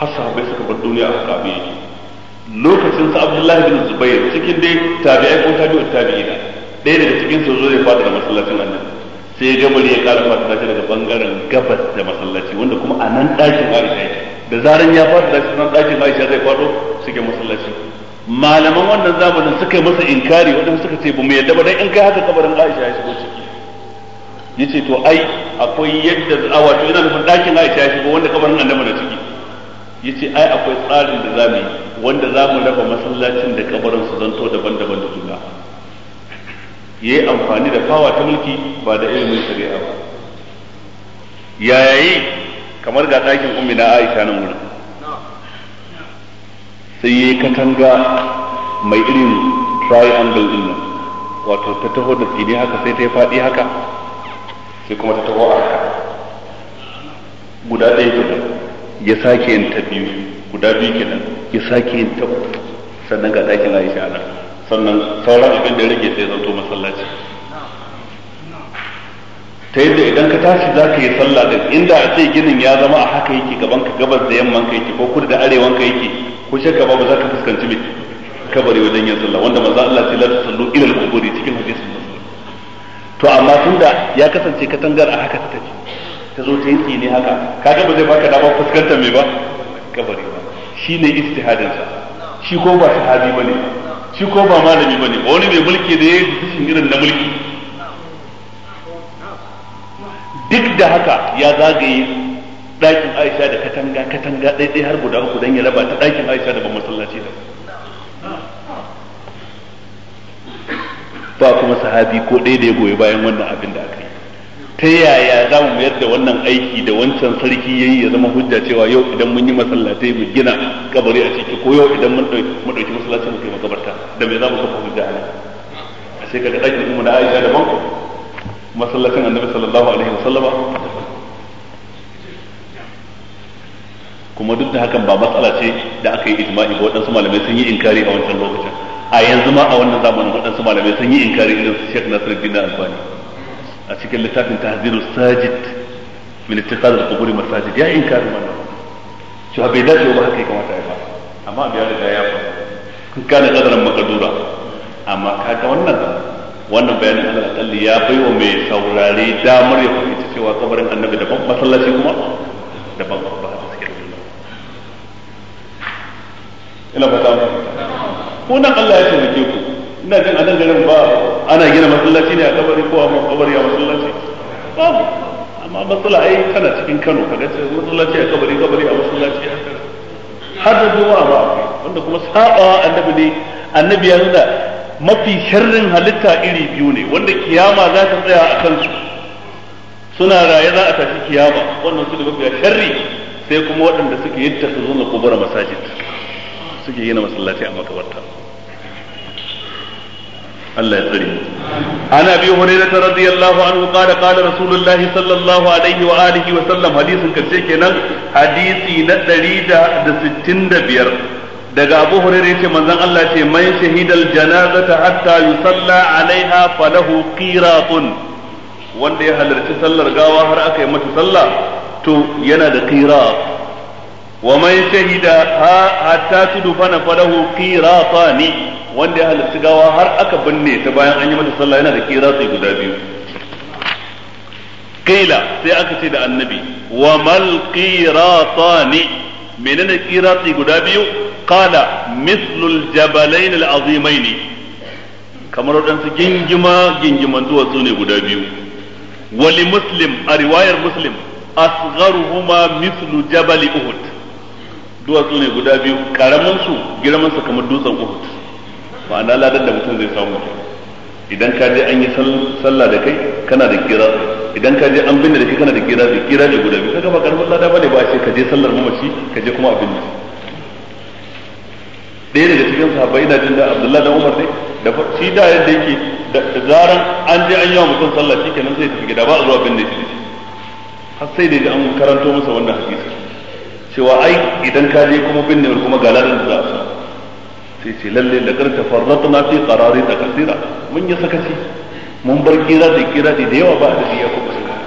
S1: har sahabbai suka bar duniya a haka abin yake lokacin sa abdullahi bin zubair cikin dai tabi'ai ko tabi'ut tabi'ina ɗaya daga cikin su zo zai fada da masallacin annabi sai gabar ya ƙara fata daga bangaren gabas da masallaci wanda kuma a nan ɗakin Aisha da zaran ya fata shi nan ɗakin Aisha zai faɗo suke masallaci malaman wannan zamanin suka yi masa inkari waɗanda suka ce ba mu yadda ba dan in kai haka kabarin Aisha ya shigo ciki yace to ai akwai yadda a wato yana nufin ɗakin Aisha ya shigo wanda kabarin annabi na ciki yace ai akwai tsarin da zamu yi wanda zamu raba masallacin da kabarin su zanto daban-daban da juna yi amfani da fawa ta mulki ba da ilimin shari'a ba ya yayi kamar ga ɗakin ummi na Aisha nan wurin sai yi katanga mai irin triangle din nan wato ta taho da fili haka sai ta yi faɗi haka sai kuma ta taho a haka guda ɗaya kenan ya sake yin ta biyu guda biyu kenan ya sake yin ta sannan ga ɗakin Aisha nan sannan sauran abin da rage sai zanto masallaci ta yadda idan ka tashi za ka yi sallah din inda a ce ginin ya zama a haka yake gaban ka gabas da yamman ka yake ko kudu da arewan ka yake ko shakka babu za ka fuskanci mai kabari wajen yin sallah wanda maza Allah ce lafi sallu ilal al cikin hadisin muslim to amma tun da ya kasance katangar a haka ta tafi, ta zo ta yi tsini haka kaga ba zai baka dama fuskantar mai ba kabari ba shi ne istihadinsa shi ko ba sahabi ne. shi ko ba malami bane wani mai mulki da yayi decision irin na mulki duk da haka ya zagaye ɗakin Aisha da katanga katanga ɗaiɗai har guda uku dan ya raba ta ɗakin Aisha da ban masallaci
S2: da
S1: ba kuma sahabi ko ɗaya da ya goyi bayan wannan abin da aka yi ta yaya za mu mayar da wannan aiki da wancan sarki yayi ya zama hujja cewa yau idan mun yi masallatai mu gina kabari a ciki ko yau idan mun ɗauki masallaci mu kai makabarta da me za mu kafa hujja ne a sai kaga dakin mu da Aisha daban masallacin Annabi sallallahu alaihi wasallama kuma duk da hakan ba matsala ce da aka yi ijma'i ba waɗansu malamai sun yi inkari a wancan lokacin a yanzu ma a wannan zamanin waɗansu malamai sun yi inkari irin su Sheikh Nasiruddin Albani a cikin littafin tahzirus sajid min ittikhad al-qubur masajid ya inkari wannan cewa bai dace ba haka ya kamata ya fara amma bai da ya fara kun kana kadaran makadura amma kaga wannan wannan bayanin Allah kalli ya baiwa mai saurare damar ya fahimci cewa kabarin annabi daban masallaci kuma da daban ba ina ta ku nan Allah ya taimake ku ina jin a dangaren ba ana gina masallaci ne a kabari ko a kabari a masallaci babu amma matsala ai kana cikin Kano kaga masallaci a kabari kabari a masallaci har da zuwa ba wanda kuma sabawa annabi ne annabi ya nuna mafi sharrin halitta iri biyu ne wanda kiyama za ta tsaya a kansu suna raye za a tafi kiyama wannan su da mafi sharri sai kuma waɗanda suke yadda su zo na kubura masajid suke gina masallaci a makabarta Allah ya tsare عن ابي هريره رضي الله عنه قال قال رسول الله صلى الله عليه واله وسلم حديث كرسي kenan hadisi na 165 daga abu hurairu yace manzon Allah ce man shahidal janazata hatta yusalla alaiha falahu qiratun wanda ya halarci sallar gawa har aka yi mata sallah to yana da qirat wa man shahida hatta fana falahu qiratani wanda ya halarci gawa har aka binne ta bayan an yi mata sallah yana da sai guda biyu qila sai aka ce da annabi wa mal qiratani menene kirasi guda biyu qala mislul jabalain al azimain kamar wadansu gingima gingiman duwatsu ne guda biyu wali muslim a riwayar muslim asgharuhuma mislu jabali uhud duwatsu ne guda biyu karamin su girman su kamar dutsen uhud ma'ana ladan da mutum zai samu idan ka je an yi sallah da kai kana da kira idan ka je an binne da kai kana da kira kira da guda biyu kaga ba karfin lada bane ba ce ka je sallar mamaci ka je kuma a binne ɗaya daga cikin sahabbai ina jin da Abdullahi da Umar dai da shi da yadda yake da zaran an je an yi wa mutum sallah kenan sai tafi gida ba a zuwa binne shi har sai da an karanto masa wannan hadisi cewa ai idan ka je kuma binne kuma ga ladan da za a sai ce lalle da karta na fi qararin da kasira mun yi sakaci mun bar kira da kira da yawa ba da ya ku saka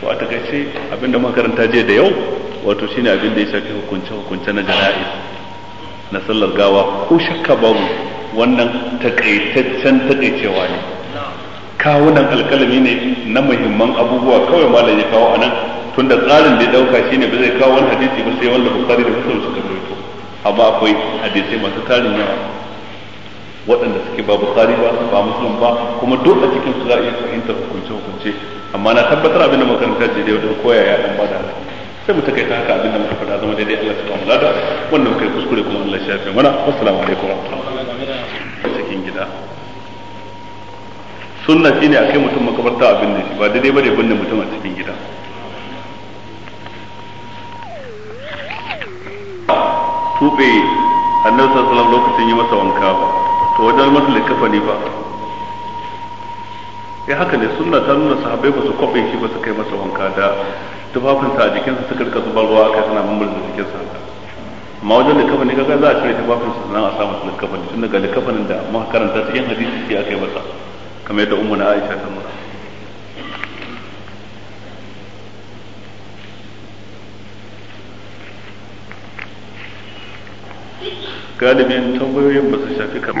S1: to a takaice abinda karanta je da yau wato shine abinda ya shafi hukunce hukunce na jana'iz na sallar gawa ko shakka babu wannan takaitaccen takaicewa ne kawunan alkalami ne na muhimman abubuwa kawai malam ya kawo anan tunda tsarin da ya dauka shine ba zai kawo wani hadisi ba sai wanda bukari da muslim suka rawaito amma akwai hadisai masu tarin yawa waɗanda suke ba bukhari ba ba musulun ba kuma duk a cikin su za a iya fahimtar hukunce hukunce amma na tabbatar abinda da makaranta ce dai wajen koya ya ɗan bada sai mu takaita haka abinda da muka faɗa zama daidai Allah ta kamala da muka kai kuskure kuma Allah ya mana assalamu alaikum wa rahmatullahi cikin gida sunna shine akai mutum makabarta abin da shi ba daidai bane binne mutum a cikin gida tuɓe annabi sallallahu alaihi lokacin yi masa wanka ba to wajen masa likafa ne ba ya eh, haka ne sunna ta nuna sahabbai ba su kwaɓe shi ba su kai masa wanka da tufafinsa a jikinsa suka rika zuba ruwa aka suna mamurza jikinsa amma wajen likafa ne kaga za a cire tufafinsa nan a samu ne tun daga likafanin da muka karanta cikin hadisi sai aka yi masa kamar yadda umma na Aisha ta nuna galibin tambayoyin ba su shafi kan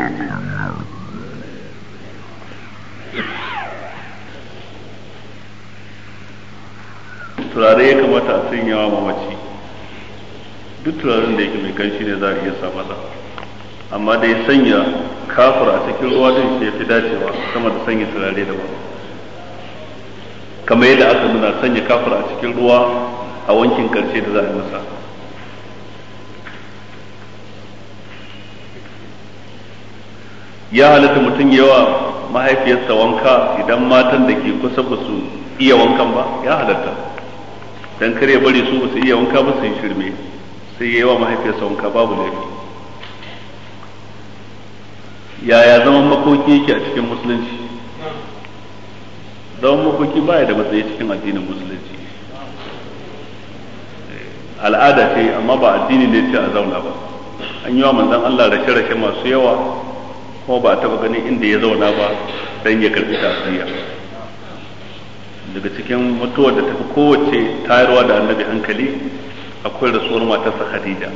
S1: turare ya kamata a sanyawa mamaci duk turaren da yake mai kanshi ne za a iya sa masa amma da ya sanya kafur a cikin ruwa din shi ya fi dacewa sama da sanya turare da kamar yadda aka nuna sanya kafur a cikin ruwa a wankin karshe da za a yi masa ya halatta mutum yawa mahaifiyarsa wanka idan matan da ke kusa ba su iya wankan ba ya halatta dan kare bari su ba su iya wanka ba su shirme sai yawa mahaifiyarsa wanka babu laifi yaya zaman makoki yake a cikin musulunci zaman makoki baya da matsayi cikin addinin musulunci al'ada ce amma ba addini ne ce a zauna ba an yi wa manzan Allah rashe-rashe masu yawa Ko ba a taba ganin inda ya zauna ba dan ya karbi tasiriya daga cikin mutuwar da tafi kowace tayarwa da annabi hankali akwai rasuwar matarsa khadija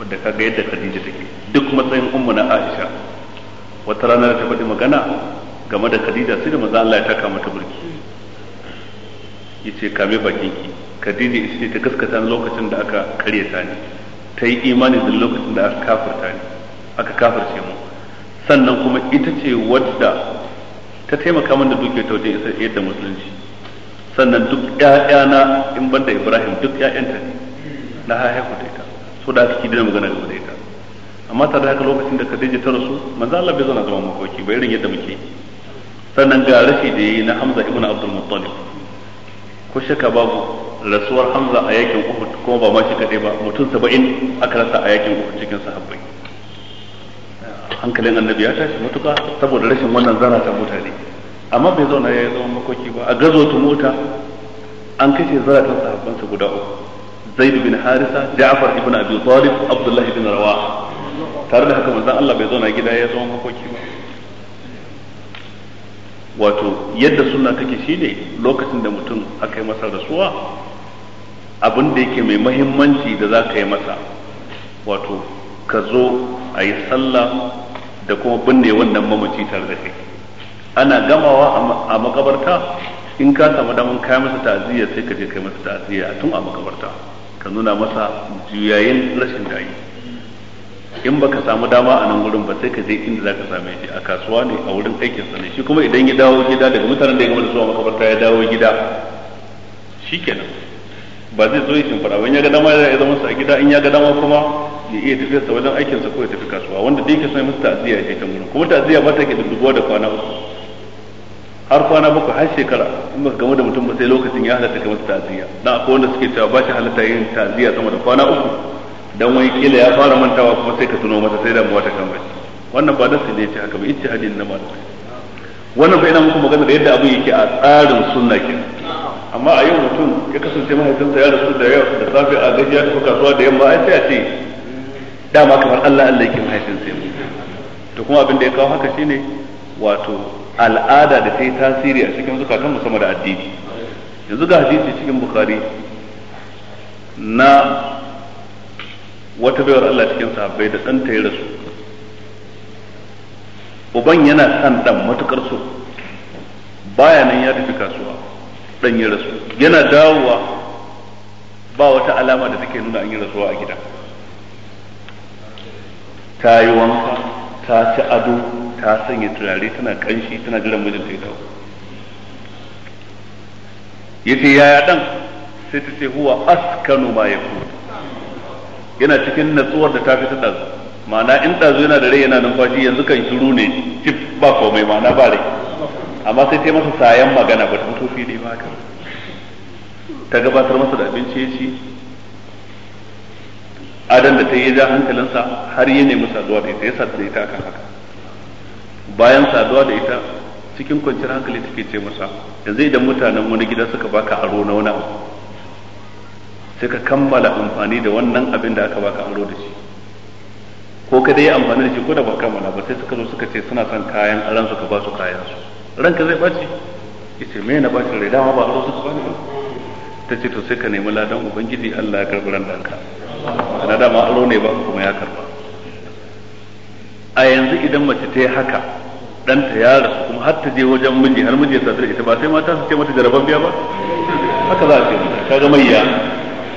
S1: wadda ka ga yadda khadija take duk matsayin ummu na aisha wata rana da ta faɗi magana game da khadija sai da maza Allah ya taka mata burki yace kame bakin ki khadija ita ce ta gaskata lokacin da aka ta ne, ta yi imani da lokacin da aka kafirta ne. aka kafirce mu sannan kuma ita ce wadda ta taimaka min da duke ta wajen isar yadda musulunci sannan duk ƴaƴana in ban da Ibrahim duk ƴaƴanta ne na haihu da ita so da aka kidina magana game da ita amma tare haka lokacin da Khadija ta rasu manzo Allah bai zo na zama makoki ba irin yadda muke sannan ga rashi da yayi na Hamza ibn Abdul Muttalib ko shaka babu rasuwar Hamza a yakin Uhud kuma ba ma shi kadai ba mutum 70 aka rasa a yakin Uhud cikin sahabbai hankalin annabi ya tashi matuka saboda rashin wannan zara ta mutane amma bai zauna ya zama makoki ba a gazo ta mota an kashe zaratan sahabbansa guda uku zaid bin harisa ja'far ibn abi talib abdullah ibn rawa. tare da haka manzon Allah bai zauna gida ya zama makoki ba wato yadda sunna take shine lokacin da mutum aka yi masa rasuwa abin da yake mai mahimmanci da za ka yi masa wato ka zo a yi sallah da kuma binne wannan mamaci tare da kai ana gamawa a makabarta in ka samu daman kai masa ta'aziyya sai ka je kai masa ta'aziyya tun a makabarta ka nuna masa juyayen rashin dai in baka samu dama a nan gurin ba sai ka je inda zaka same shi a kasuwa ne a wurin aikin sa ne shi kuma idan ya dawo gida daga mutanen da ya gama da zuwa makabarta ya dawo gida shikenan ba zai zo ya shimfara ba in ya ga dama ya zama su a gida in ya ga dama kuma ya iya tafiya sa wajen aikin sa ko ya tafi kasuwa wanda da yake so ya musu ta'aziyya ya kan gurin kuma ta'aziyya ba ta ke dubuwa da kwana uku har kwana bakwai har shekara in ba game da mutum ba sai lokacin ya halatta ka masa ta'aziyya dan akwai wanda suke cewa ba shi halatta yin ta'aziyya sama da kwana uku dan wani kila ya fara mantawa kuma sai ka tuno masa sai damuwa ta kan bai wannan ba nasu ne ce haka ba hadin na malamai wannan bai ina muku magana da yadda abin yake a tsarin sunna kenan amma a yau mutum ya kasance mahaifinsa ya rasu da yau da safe a gaji ya tafi kasuwa da yamma ai sai a ce dama kamar Allah Allah yake mahaifinsa ya mutu to kuma abin da ya kawo haka shine wato al'ada da ta yi tasiri a cikin zukatan musamman da addini yanzu ga hadisi cikin bukhari na wata baiwar Allah cikin sahabbai da ta yi rasu uban yana san ɗan matukar so baya nan ya tafi kasuwa dan ya rasu yana dawowa ba wata alama da take nuna an yi rasuwa a gida ta yi wanka ta ci ado ta sanya turare tana kanshi tana jiran ta ya dawo yace yaya dan sai ta ce huwa askanu ma yakun yana cikin natsuwar da ta fitar da ma'ana in ɗazu yana da rai yana numfashi yanzu kan shiru ne cif ba komai ma'ana ba rai amma sai sai masa sayan magana ba ta fito ne ba haka ta gabatar masa da abinci ya ci adan da ta yi ja hankalinsa har yi nemi saduwa da ita ya sa da ita akan haka bayan saduwa da ita cikin kwanciyar hankali take ce masa yanzu idan mutanen wani gida suka baka aro na wani abu sai ka kammala amfani da wannan abin da aka baka aro da shi ko ka dai amfani da shi ko da ba kammala ba sai suka zo suka ce suna son kayan aran ka ba su kayan su ranka zai ɓaci ita me na ɓacin rai dama ba a suka bani ba ta ce to sai ka nemi ladan ubangiji Allah ya karɓi ran danka ana dama aro ne ba kuma ya karɓa a yanzu idan mace ta yi haka danta ya rasu kuma har ta je wajen miji har miji ya sadar ita ba sai mata su ce mata jaraban biya ba haka za a ce ka ga mayya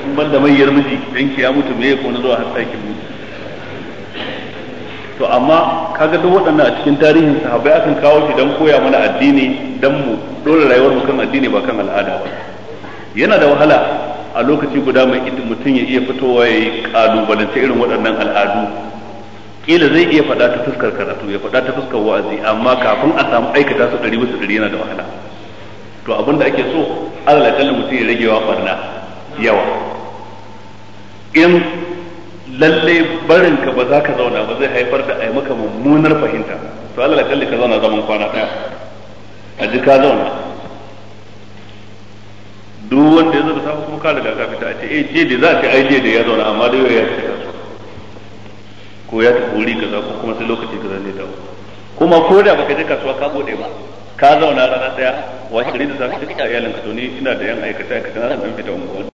S1: in ban da mayyar miji danki ya mutu me ya kona zuwa har ɗakin miji to amma kaga duk waɗannan a cikin tarihin sahabbai akan kawo shi dan koya mana addini dan mu dole rayuwar mu kan addini ba kan al'ada ba yana da wahala a lokaci guda mai mutum ya iya fitowa ya yi kalubalance irin waɗannan al'adu kila zai iya faɗa ta fuskar karatu ya faɗa ta fuskar wa'azi amma kafin a samu aikata su ɗari bisa ɗari yana da wahala to abin da ake so alal mutum ya rage wa barna yawa in lalle barin ka ba za ka zauna ba zai haifar da ai maka mummunar fahimta to Allah kalli ka zauna zaman kwana daya a ji ka zauna duk wanda ya zo da safe kuma ka daga ka fita a ce eh je da za ka ai je da ya zauna amma da ya ce ko ya tafi wuri kaza ko kuma sai lokaci kaza zane dawo kuma ko da baka je kasuwa ka bude ba ka zauna rana daya wa shirin da safe a iyalin ka to ni ina da yan aikata aikata na dan fita unguwa